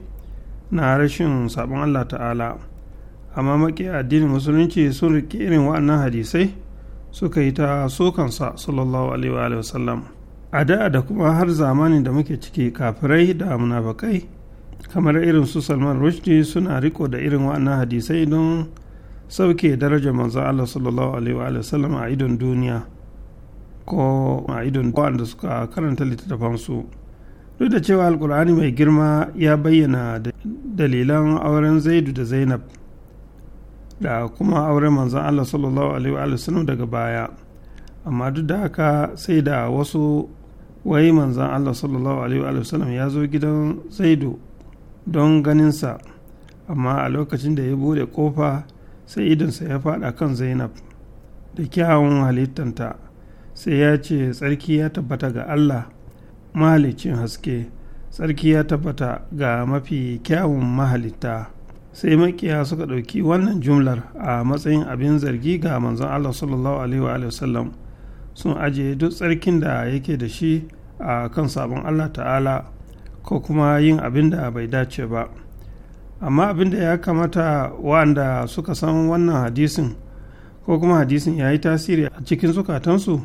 na rashin sabon Allah ta'ala amma maki addinin musulunci sun riƙe irin waɗannan hadisai suka yi ta sokansa sallallahu alaihi wa a da da kuma har zamanin da muke ciki kafirai da munafakai kamar irin su salman rushdie suna riko da irin wa'annan hadisai don sauke darajar manzo Allah sallallahu alaihi wa sallam a idon duniya ko a idon wanda suka karanta littattafansu duk da cewa alkur'ani mai girma ya bayyana dalilan auren zaidu da zainab da kuma auren manzan Allah sallallahu alaihi wa sallam daga baya amma duk da haka sai da wasu wai manzon Allah sallallahu alaihi wa sallam ya zo gidan zaidu don ganinsa amma a lokacin da ya bude kofa sai idonsa ya fada kan zainab da kyawun halittanta sai ya ce tsarki ya tabbata ga allah mahalicin haske tsarki ya tabbata ga mafi kyawun mahalitta sai makiya suka ɗauki wannan jumlar a matsayin abin zargi ga manzon allah sallallahu alaihi wa sallam sun ajiye duk tsarkin da yake da shi a kan sabon allah ta'ala ko kuma yin abin da bai dace ba amma abin da ya kamata wanda suka san wannan hadisin ko kuma hadisin ya yi tasiri a cikin zukatansu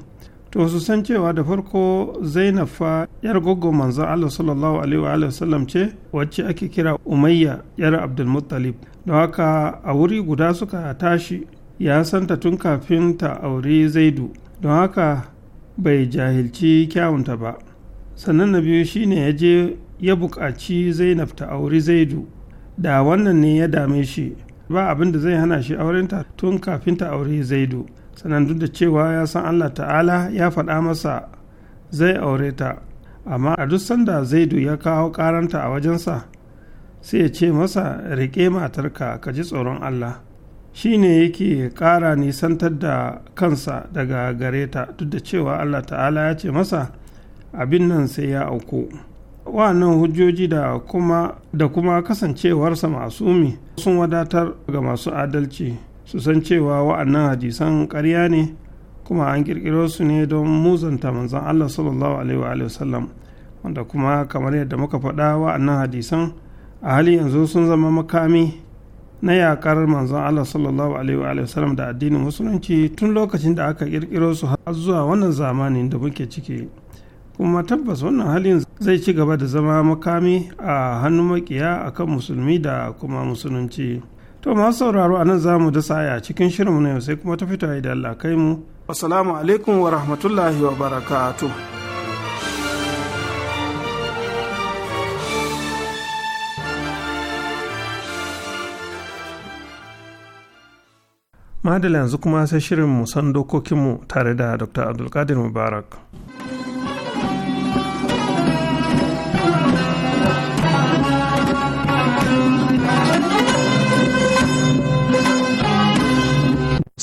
to su san cewa da farko zainab fa yar goggo manzon allah sallallahu alaihi wa sallam ce wacce ake kira umayya yar abdulmuttalib da haka a wuri guda suka tashi ya santa tun kafin ta aure zaidu don haka bai jahilci kyawunta ba sannan na biyu shine ya je ya buƙaci zainab ta auri zaidu da wannan ne ya dame shi ba abin da zai hana shi aurenta tun kafin ta auri zaidu sannan duk da cewa ya san allah ta'ala ya faɗa masa zai aure ta amma a duk sanda zaidu ya kawo karanta a wajensa sai ya ce masa riƙe matarka ka ji tsoron allah shi ne yake ƙara nisantar da kansa daga gare ta duk da cewa allah ta'ala ya ce masa abin nan sai ya auku. wannan hujjoji da kuma da kuma kasancewarsa masumi sun wadatar ga masu adalci su san cewa wa'annan hadisan karya ne kuma an ƙirƙiro su ne don muzanta manzon Allah sallallahu alaihi wa sallam wanda kuma kamar yadda muka faɗa wa'annan hadisan a hali yanzu sun zama makami na yakar manzon Allah sallallahu alaihi wa sallam da addinin musulunci tun lokacin da aka ƙirƙiro su har zuwa wannan zamanin da muke ciki kuma tabbas wannan halin zai ci gaba da zama makami a hannun makiya kan musulmi da kuma musulunci to masu sauraro a nan za mu da saya cikin shirinmu na yau sai kuma ta fito idan Allah kai mu assalamu alaikum wa rahmatullahi wa barakatuh madala yanzu kuma sai shirin musan dokokinmu tare da dr abdulkadir mubarak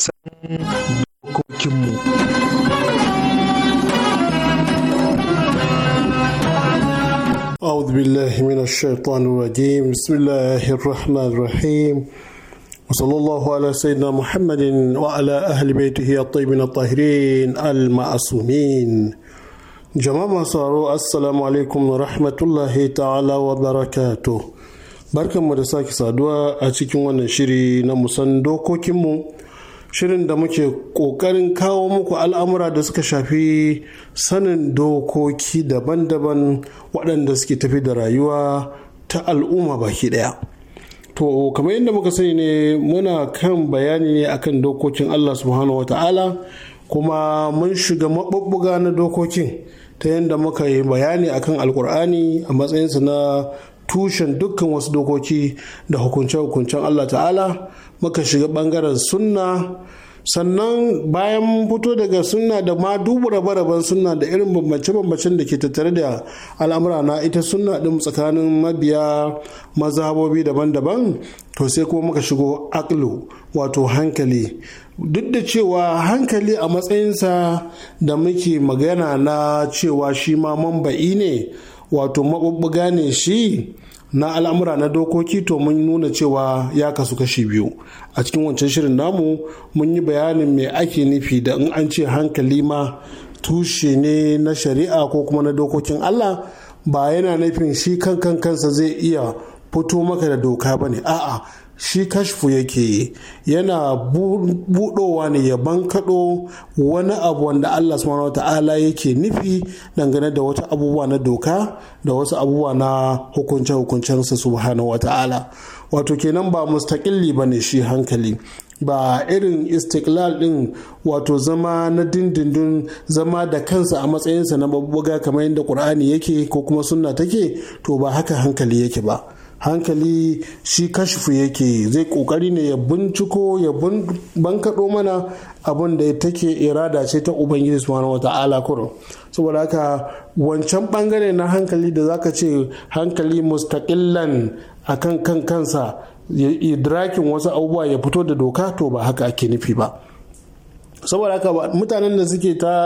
san dokokinmu أعوذ بالله من الشيطان الرجيم بسم الله الرحمن الرحيم وصلى الله على سيدنا محمد وعلى أهل بيته الطيبين الطاهرين المعصومين jama'a sauraro assalamu alaikum wa rahmatullahi ta'ala wa barakatuh barkanmu da sake saduwa a cikin wannan shiri na musan dokokinmu shirin da muke ƙoƙarin kawo muku al'amura da suka shafi sanin dokoki daban-daban waɗanda suke tafi da rayuwa ta al'umma baki ɗaya. To, kamar yadda muka sani ne muna kan bayani ne akan dokokin Allah subhanahu wa kuma mun shiga maɓuɓɓuga na dokokin ta yadda muka yi bayani akan alkur'ani a matsayinsa na tushen dukkan wasu dokoki da hukunce-hukuncen Allah ta'ala. muka shiga bangaren sunna sannan bayan fito daga sunna da ma dubu rabe-raben sunna da irin bambance-bambancen da ke tattare da al'amura na ita sunna ɗin tsakanin mabiya mazhabobi daban-daban to sai kuma muka shigo aklu wato hankali duk da cewa hankali a matsayinsa da muke magana na cewa shi ma mamba'i ne wato maɓuɓɓuga ne shi na al'amura na dokoki to mun nuna cewa ya kasu kashi biyu a cikin wancan shirin namu mun yi bayanin mai ake nufi da in an ce hankali ma tushe ne na shari'a ko kuma na dokokin allah ba yana nufin shi kan kansa zai iya fito maka da doka ba ne a'a shi kashfu yake yana budowa ne ya bankaɗo wani abu wanda Allah subhanahu ta'ala yake nufi dangane da wata abubuwa na doka da wasu abubuwa na hukunce-hukuncensa subhanahu wata'ala wato kenan ba mustaƙilli ba ne shi hankali ba irin istiklal din wato zama na dindindin zama da kansa a matsayinsa na babbaga kamar yadda ƙur'ani yake ko kuma sunna take to ba haka hankali yake ba hankali shi kashfu yake zai kokari ne ya binciko ya bankaɗo mana abin da take irada ce ta ubangiji subhanahu wa ta'ala saboda haka wancan bangare na hankali da zaka ce hankali mustaqillan akan kan kansa idrakin wasu abubuwa ya fito da doka to ba haka ake nufi ba saboda haka mutanen da suke ta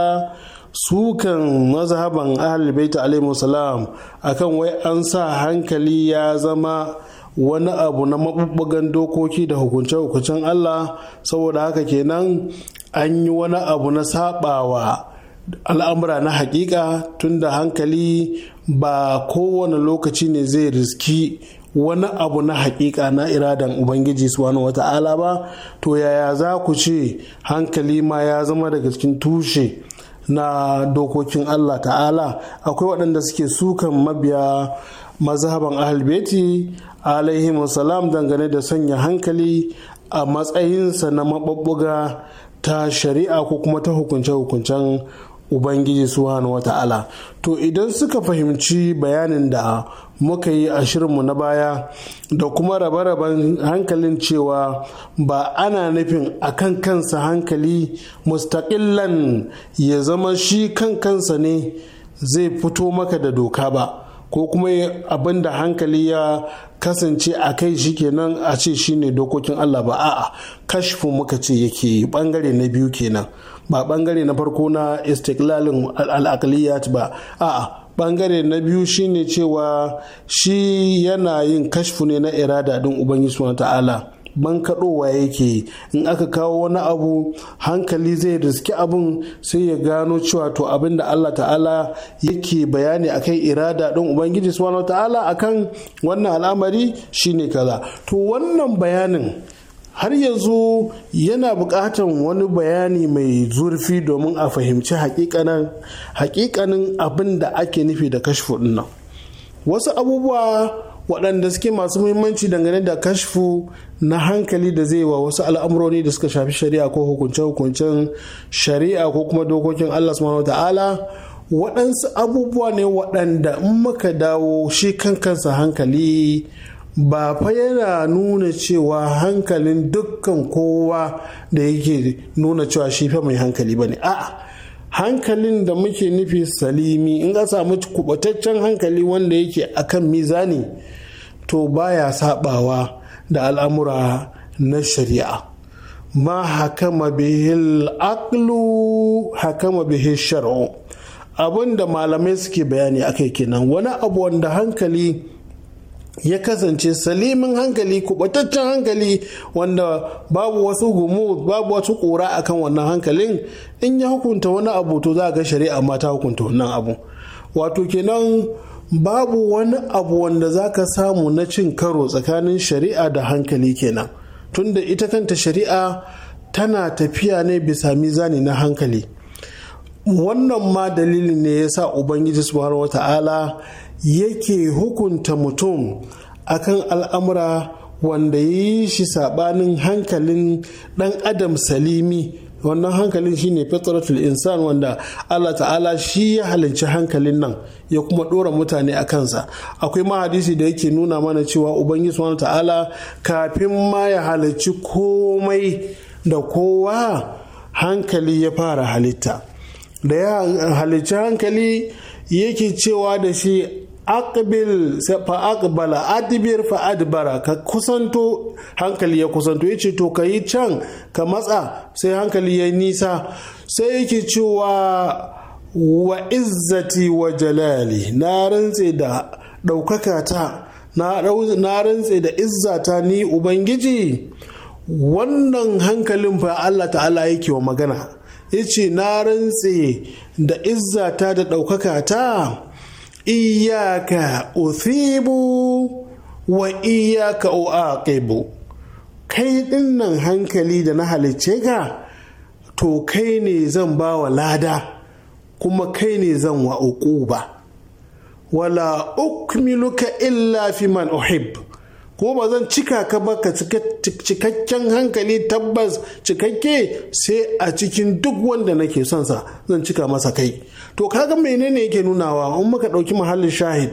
sukan mazhaban ahalibaita alaihi salam akan wai an sa hankali ya zama wani abu na maɓuɓɓugan dokoki da hukunce-hukuncen Allah saboda haka kenan an yi wani abu na saɓawa al'amura na hakika tunda hankali ba kowane lokaci ne zai riski wani abu na hakika na iradan ubangiji subhanahu wata'ala ba to yaya za ku ce hankali ma ya zama daga cikin tushe na dokokin Allah ta'ala akwai waɗanda suke sukan mabiya mazhaban ahalbeti alaihi salam dangane da sanya hankali a matsayinsa na maɓaɓɓuga ta shari'a ko kuma ta hukunce-hukuncen ubangiji subhanahu wata'ala to idan suka fahimci bayanin da muka yi a shirinmu na baya da kuma rabe-raben hankalin cewa ba ana nufin a kan kansa hankali mustaƙillan ya zama shi kan kansa ne zai fito maka da doka ba ko kuma abin da hankali ya kasance a kai shi kenan a ce shi ne dokokin Allah ba a'a kashfu muka ce yake bangare na biyu kenan ba bangare na farko na istiklalin al'aqliyat ba a'a bangare na biyu shine cewa shi yana yin kashfu ne na irada din ubangiji subhanahu ta'ala ban kaɗowa yake in aka kawo wani abu hankali zai riski abun sai ya gano cewa to abin da Allah ta'ala yake bayani akan irada din ubangiji subhanahu ta'ala akan wannan al'amari shine kaza to wannan bayanin har yanzu yana bukatan wani bayani mai zurfi domin a fahimci hakikanin abin da ake nufi da kashfu nan wasu abubuwa waɗanda suke masu muhimmanci dangane da kashfu na hankali da zai wa wasu al'amuroni da suka shafi shari'a ko hukunce-hukuncen shari'a ko kuma dokokin allah subhanahu ta'ala waɗansu abubuwa ne waɗanda in muka dawo shi kan hankali ba fa yana nuna cewa hankalin dukkan kowa da yake nuna cewa shi fa mai hankali ba ne a'a hankalin da muke nufi salimi in ka samu kubataccen hankali wanda yake akan mizani to baya sabawa da al'amura na shari'a ma hakama bihil aqlu hakama bihil shar'u abinda malamai suke bayani akai kenan wani abu wanda hankali ya kasance salimin hankali kubataccen hankali wanda babu wasu gumu babu wasu kura akan wannan hankalin in ya hukunta wani abu to za ga shari'a ma ta hukunta wannan abu wato kenan babu wani abu wanda za ka samu na cin karo tsakanin shari'a da hankali kenan tunda ita kanta shari'a tana tafiya ne bisa mizani na hankali wannan ma dalilin ne ya sa ubangiji subhanahu wata'ala yake hukunta mutum akan al'amura wanda ya yi shi saɓanin hankalin ɗan adam salimi wannan hankalin shine fitratul insan wanda Allah ta'ala shi ya halinci hankalin nan ya kuma ɗora mutane a kansa akwai mahadisi da yake nuna mana cewa ubangiji wani ta'ala kafin ma ya halarci komai da kowa hankali ya fara halitta da ya halicci hankali yake cewa da shi aqbil fa aqbala adbir fa adbara ka kusanto hankali ya kusanto yace to kayi can ka matsa sai hankali ya nisa sai yake cewa wa izzati wa jalali na rantse da ɗaukaka ta na rantse da izzata ni ubangiji wannan hankalin fa Allah ta'ala yake wa magana yace na rantse da izzata da ɗaukaka ta iyaka uthibu wa iyaka uaqibu kai dinnan hankali da na halicce ka to kai ne zan ba wa lada kuma kai ne zan wa uquba wala ukmiluka illa fi man uhib ko ba zan cika ka ba ka cikakken hankali tabbas cikakke sai a cikin duk wanda nake son sa zan cika masa kai to kaga menene yake nunawa in muka ɗauki mahallin shahid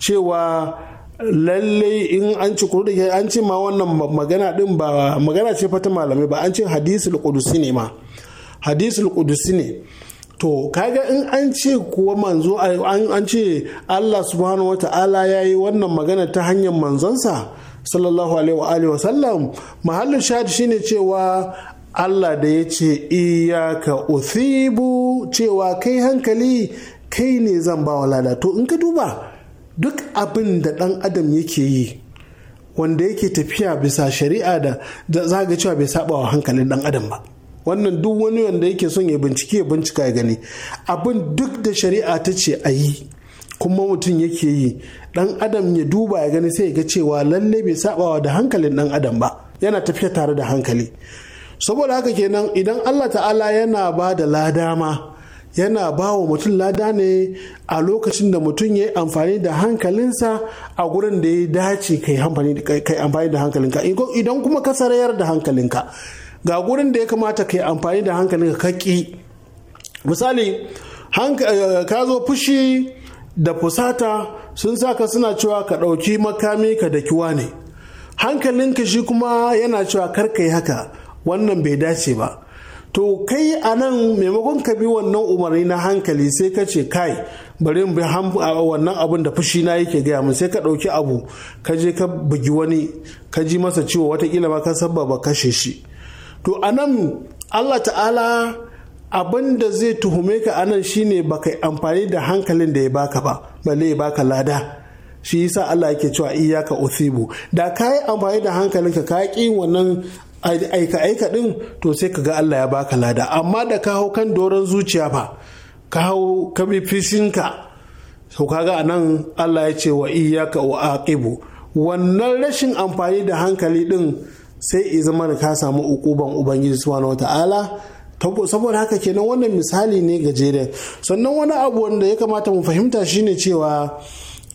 cewa lallai in an ci kudu da an ce ma wannan magana din ba magana ce fata malamai ba an ce hadisul qudusi ne ma hadisul qudusi ne to kaga in an ce kuwa manzo an ce Allah subhanahu wata'ala ya yi wannan magana ta hanyar manzansa sallallahu alaihi wa sallam mahallin shahadi shine cewa Allah da ya ce iyaka uthibu cewa kai hankali kai ne zan ba wa to in ka duba duk abin da ɗan adam yake yi wanda yake tafiya bisa shari'a da za ga cewa bai saba wa hankalin ɗan adam ba wannan duk wani wanda yake son ya bincike ya bincika ya gani abin duk da shari'a ta ce a yi kuma mutum yake yi dan adam ya duba ya gani sai ya ga cewa lalle bai sabawa da hankalin dan adam ba yana tafiya tare da hankali saboda haka kenan idan Allah ta'ala yana ba da lada ma yana ba wa mutum lada ne a lokacin da mutum ya yi amfani da hankalinsa a gurin da ya dace kai amfani da hankalinka idan kuma ka sarayar da hankalinka ga gurin da ya kamata kai amfani da hankalinka ka ki misali eh, ka zo fushi da fusata sun saka suna cewa ka ɗauki makami ka ne. ne hankalinka shi kuma yana cewa kar ka yi haka wannan bai dace ba to kai a nan maimakon ka bi wannan umarni na hankali sai ka ce kai bari in bi wannan abin da fushi na yake gaya mun sai ka ɗauki abu ka je ka bugi wani ka ji masa ciwo watakila ma ka ba kashe shi to a nan allah ta'ala abin da zai tuhume ka anan shine baka amfani da hankalin da ya baka ba balle ya baka lada shi yasa Allah yake cewa iyaka usibu da kai amfani da hankalin ka ki wannan aika aika din to sai ka ga Allah ya baka lada amma da ka hau kan doron zuciya ba. ka hau ka bi fishinka to kaga anan Allah ya ce wa iyaka wa aqibu wannan rashin amfani da hankali din sai i zama ka samu ukuban ubangiji subhanahu wataala saboda haka kenan wannan misali ne gajeren sannan wani abu wanda ya kamata mu fahimta shine cewa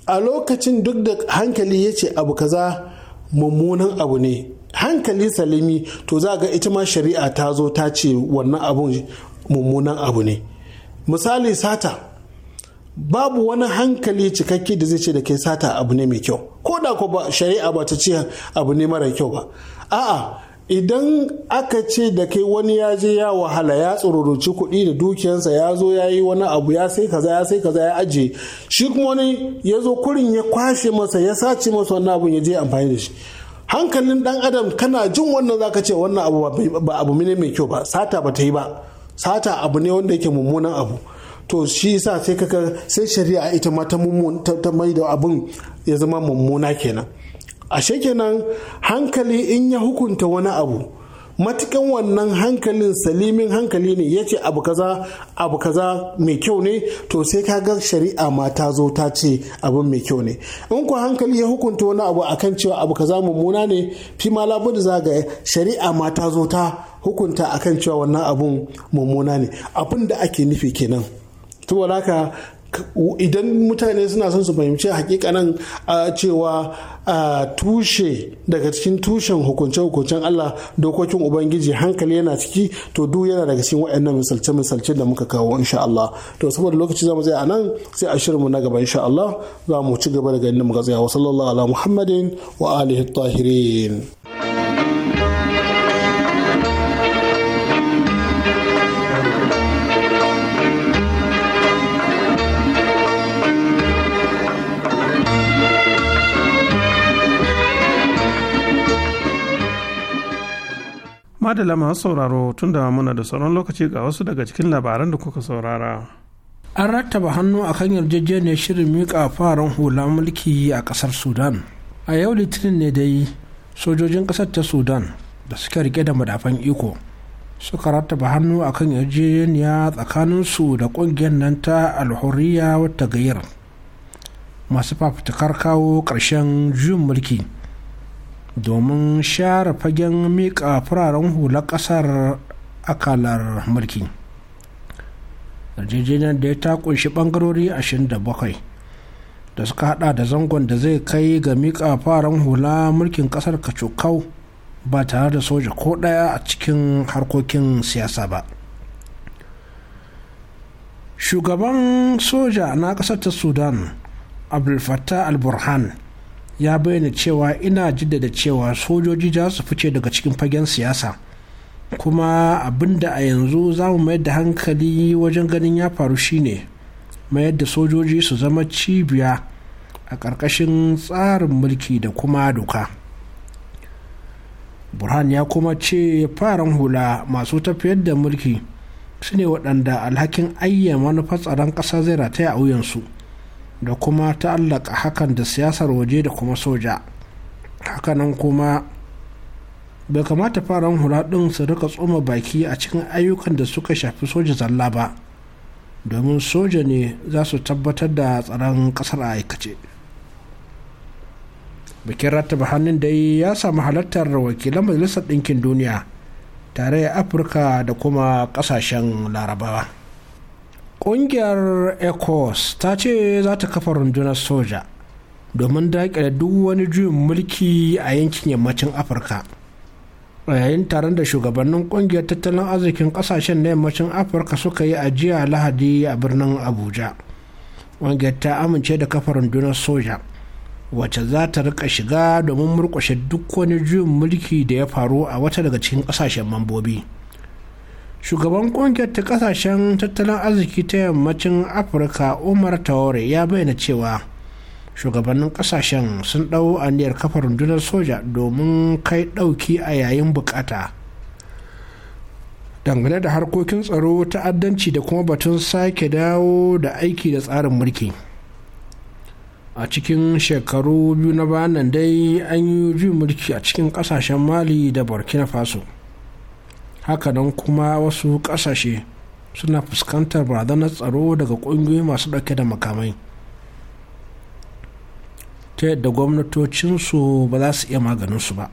a lokacin duk da hankali ya ce abu kaza mummunan abu ne hankali salimi to za ga ita ma shari'a ta zo ta ce wannan abun mummunan abu ne misali sata babu wani hankali cikakke da zai ce da kai sata abu ne mai kyau ko da ko ba shari'a ba ta ce abu ne mara kyau ba a'a idan aka ce da kai wani ya je ya wahala ya tsururuci kuɗi da dukiyansa ya zo ya yi wani abu ya sai kaza ya sai kaza ya aje shi kuma wani ya zo kurin ya kwashe masa ya sace masa wannan abun ya je amfani da shi hankalin dan adam kana jin wannan zaka ce wannan abu ba abu ne mai kyau ba sata ba ta yi ba sata abu ne wanda yake mummunan abu to shi sa sai sai shari'a ita ma ta mai da abun ya zama mummuna kenan ashe kenan hankali in ya hukunta wani abu matukan wannan hankalin salimin hankali ne ya ce abu kaza abu kaza mai kyau ne to sai ka ga shari'a ma ta zo ta ce abin mai kyau ne in ku hankali ya hukunta wani abu akan cewa abu kaza mummuna ne fi ma labudu za ga shari'a ma ta zo ta hukunta akan cewa wannan abun mummuna ne abin da ake nufi kenan idan mutane suna son su fahimci nan a cewa a tushe daga cikin tushen hukunce-hukuncen Allah dokokin Ubangiji hankali yana ciki to duk yana daga cikin waɗannan misalce-misalce da muka kawo insha Allah to saboda lokaci zamu tsaya anan sai a shirinmu na gaba insha Allah za mu ci gaba daga inda mu tsaya wa sallallahu ala muhammadin wa alihi tahirin madala masu sauraro tunda muna da sauran lokaci ga wasu daga cikin labaran da kuka saurara an rattaba hannu a kan yarjejeniyar shirin miƙa faran hula mulki a ƙasar sudan a yau litinin ne dai sojojin ƙasar ta sudan da suka rike da madafan iko suka rattaba hannu a kan tsakanin su da ƙungiyar nan ta alhuriya wata gayar masu fafutukar kawo ƙarshen juyin mulki domin share fagen miƙa furaren hula ƙasar akalar mulki yarjejeniyar da ya ta kunshi ɓangarori 27 da suka hada da zangon da zai kai ga miƙa fararen hula mulkin ƙasar kacokau ba tare da soja ko ɗaya a cikin harkokin siyasa ba shugaban soja na ƙasar ta sudan abdulfattah al-burhan ya bayyana cewa ina jaddada cewa sojoji za su fice daga cikin fagen siyasa kuma abin da a yanzu za mu mayar da hankali wajen ganin ya faru shine mayar da sojoji su zama cibiya a ƙarƙashin tsarin mulki da kuma doka burhan ya kuma ce faran hula masu tafiyar da mulki su ne waɗanda alhakin ayya manufar tsaron ƙasa zai rataya a wuyansu da kuma ta'allaka hakan da siyasar waje da kuma soja hakanan kuma bai kamata faran hula su rika tsoma baki a cikin ayyukan da suka shafi soja zalla ba domin soja ne za su tabbatar da tsaron ƙasar a aikace bikin rattaba hannun dai ya samu halartar wakilan majalisar ɗinkin duniya tare afirka da kuma ƙasashen larabawa ƙungiyar ecos ta ce za ta kafa rundunar soja domin daƙile duk wani juyin mulki a yankin yammacin afirka a yayin taron da shugabannin ƙungiyar tattalin arzikin ƙasashen na yammacin afirka suka yi ajiya lahadi a birnin abuja ƙungiyar ta amince da kafa rundunar soja wacce za ta rika shiga domin murƙushe duk wani juyin mulki da ya faru a wata daga cikin ƙasashen mambobi. shugaban kungiyar ta kasashen tattalin arziki ta yammacin afirka umar taore ya bayyana cewa shugabannin kasashen sun ɗau aniyar kafa rundunar soja domin kai ɗauki a yayin bukata dangane da harkokin tsaro ta'addanci da kuma batun sake dawo da aiki da tsarin mulki a cikin shekaru biyu na bayan nan dai an yi mulki a cikin kasashen mali da burkina faso hakanan kuma wasu ƙasashe suna fuskantar barazanar tsaro daga ƙungiyoyi masu ɗauke da makamai ta yadda gwamnatocinsu ba za su iya maganinsu ba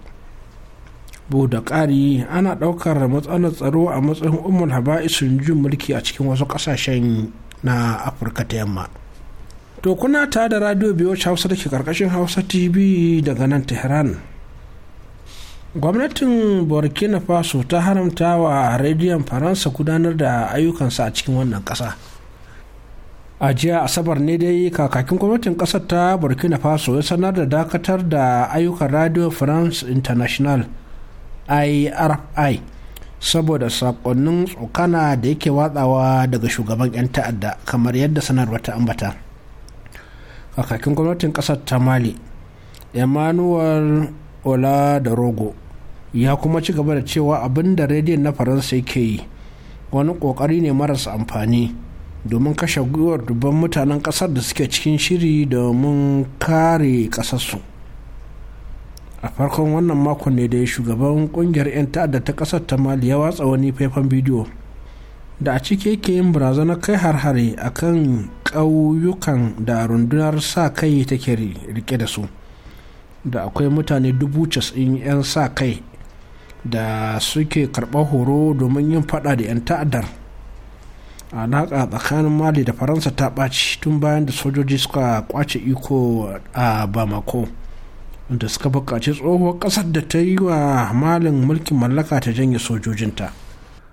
da ƙari ana ɗaukar matsalar tsaro a matsayin umar haba'isun jin mulki a cikin wasu ƙasashen na afirka ta yamma to kuna ta da radio biyu hausa da ke ƙarƙashin hausa tv daga nan tehran gwamnatin burkina faso ta haramta wa rediyon faransa gudanar da ayyukansa a cikin wannan ƙasa a jiya asabar ne dai kakakin gwamnatin ƙasar ta burkina faso ya sanar da dakatar da ayyukan radio france international IRI saboda sakonnin tsokana da yake watsawa daga shugaban 'yan ta'adda kamar yadda sanarwa ta ambata kakakin gwamnatin ƙasar ta mali emmanuel ola da rogo ya kuma ci gaba da cewa abin da rediyon na faransa ke yi wani ƙoƙari ne maras amfani domin kashe gwiwar dubban mutanen ƙasar da suke cikin shiri domin kare ƙasarsu. a farkon wannan makon ne da ya shugaban ƙungiyar 'yan ta'adda ta ƙasar ta mali ya watsa wani faifan bidiyo da a ciki yake yin barazanar kai har-hare a kan ƙauyukan da rundunar sa kai take riƙe da su da akwai mutane dubu casa'in 'yan sa kai da suke karɓar horo domin yin fada da 'yan ta'addar alaƙa tsakanin mali da faransa ta ɓaci tun bayan da sojoji suka kwace iko a bamako da suka buƙaci tsohuwar ƙasar da ta yi wa malin mulkin mallaka ta janye sojojinta.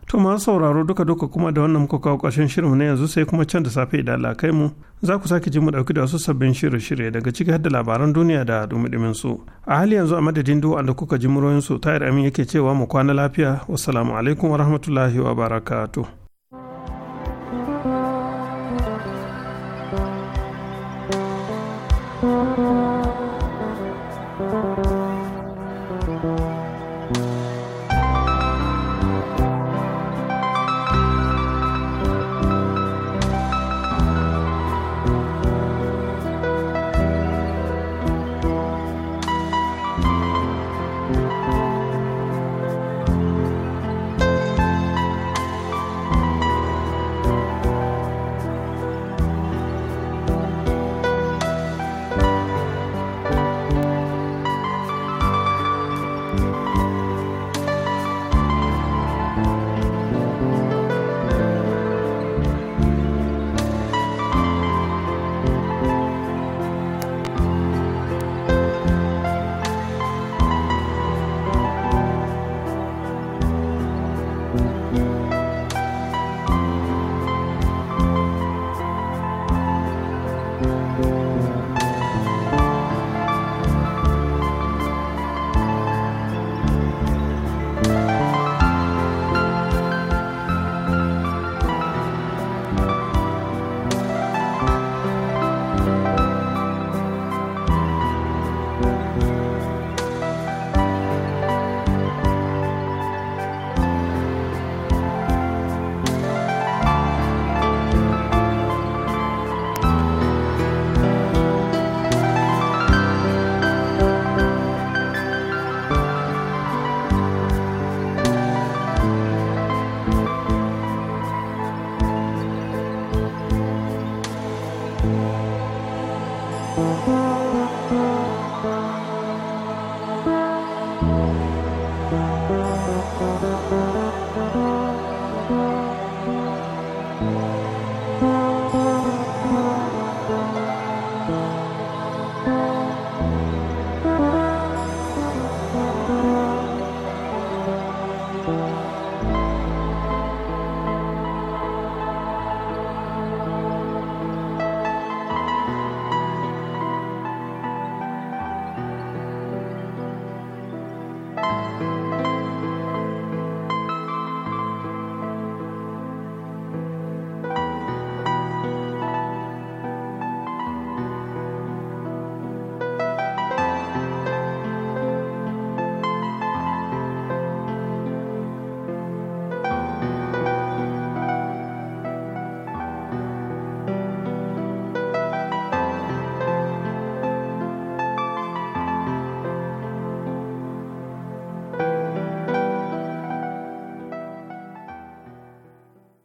To masu sauraro duka duka kuma da wannan muka kawo ƙarshen shirinmu na yanzu sai kuma can da safe idan Allah kai mu za ku sake ji mu ɗauki da wasu sabbin shirye-shirye daga ciki har da labaran duniya da dumi su. A hali yanzu a madadin duwa da kuka ji muryoyin su tayar amin yake cewa mu kwana lafiya. Wassalamu alaikum wa rahmatullahi wa barakatuh.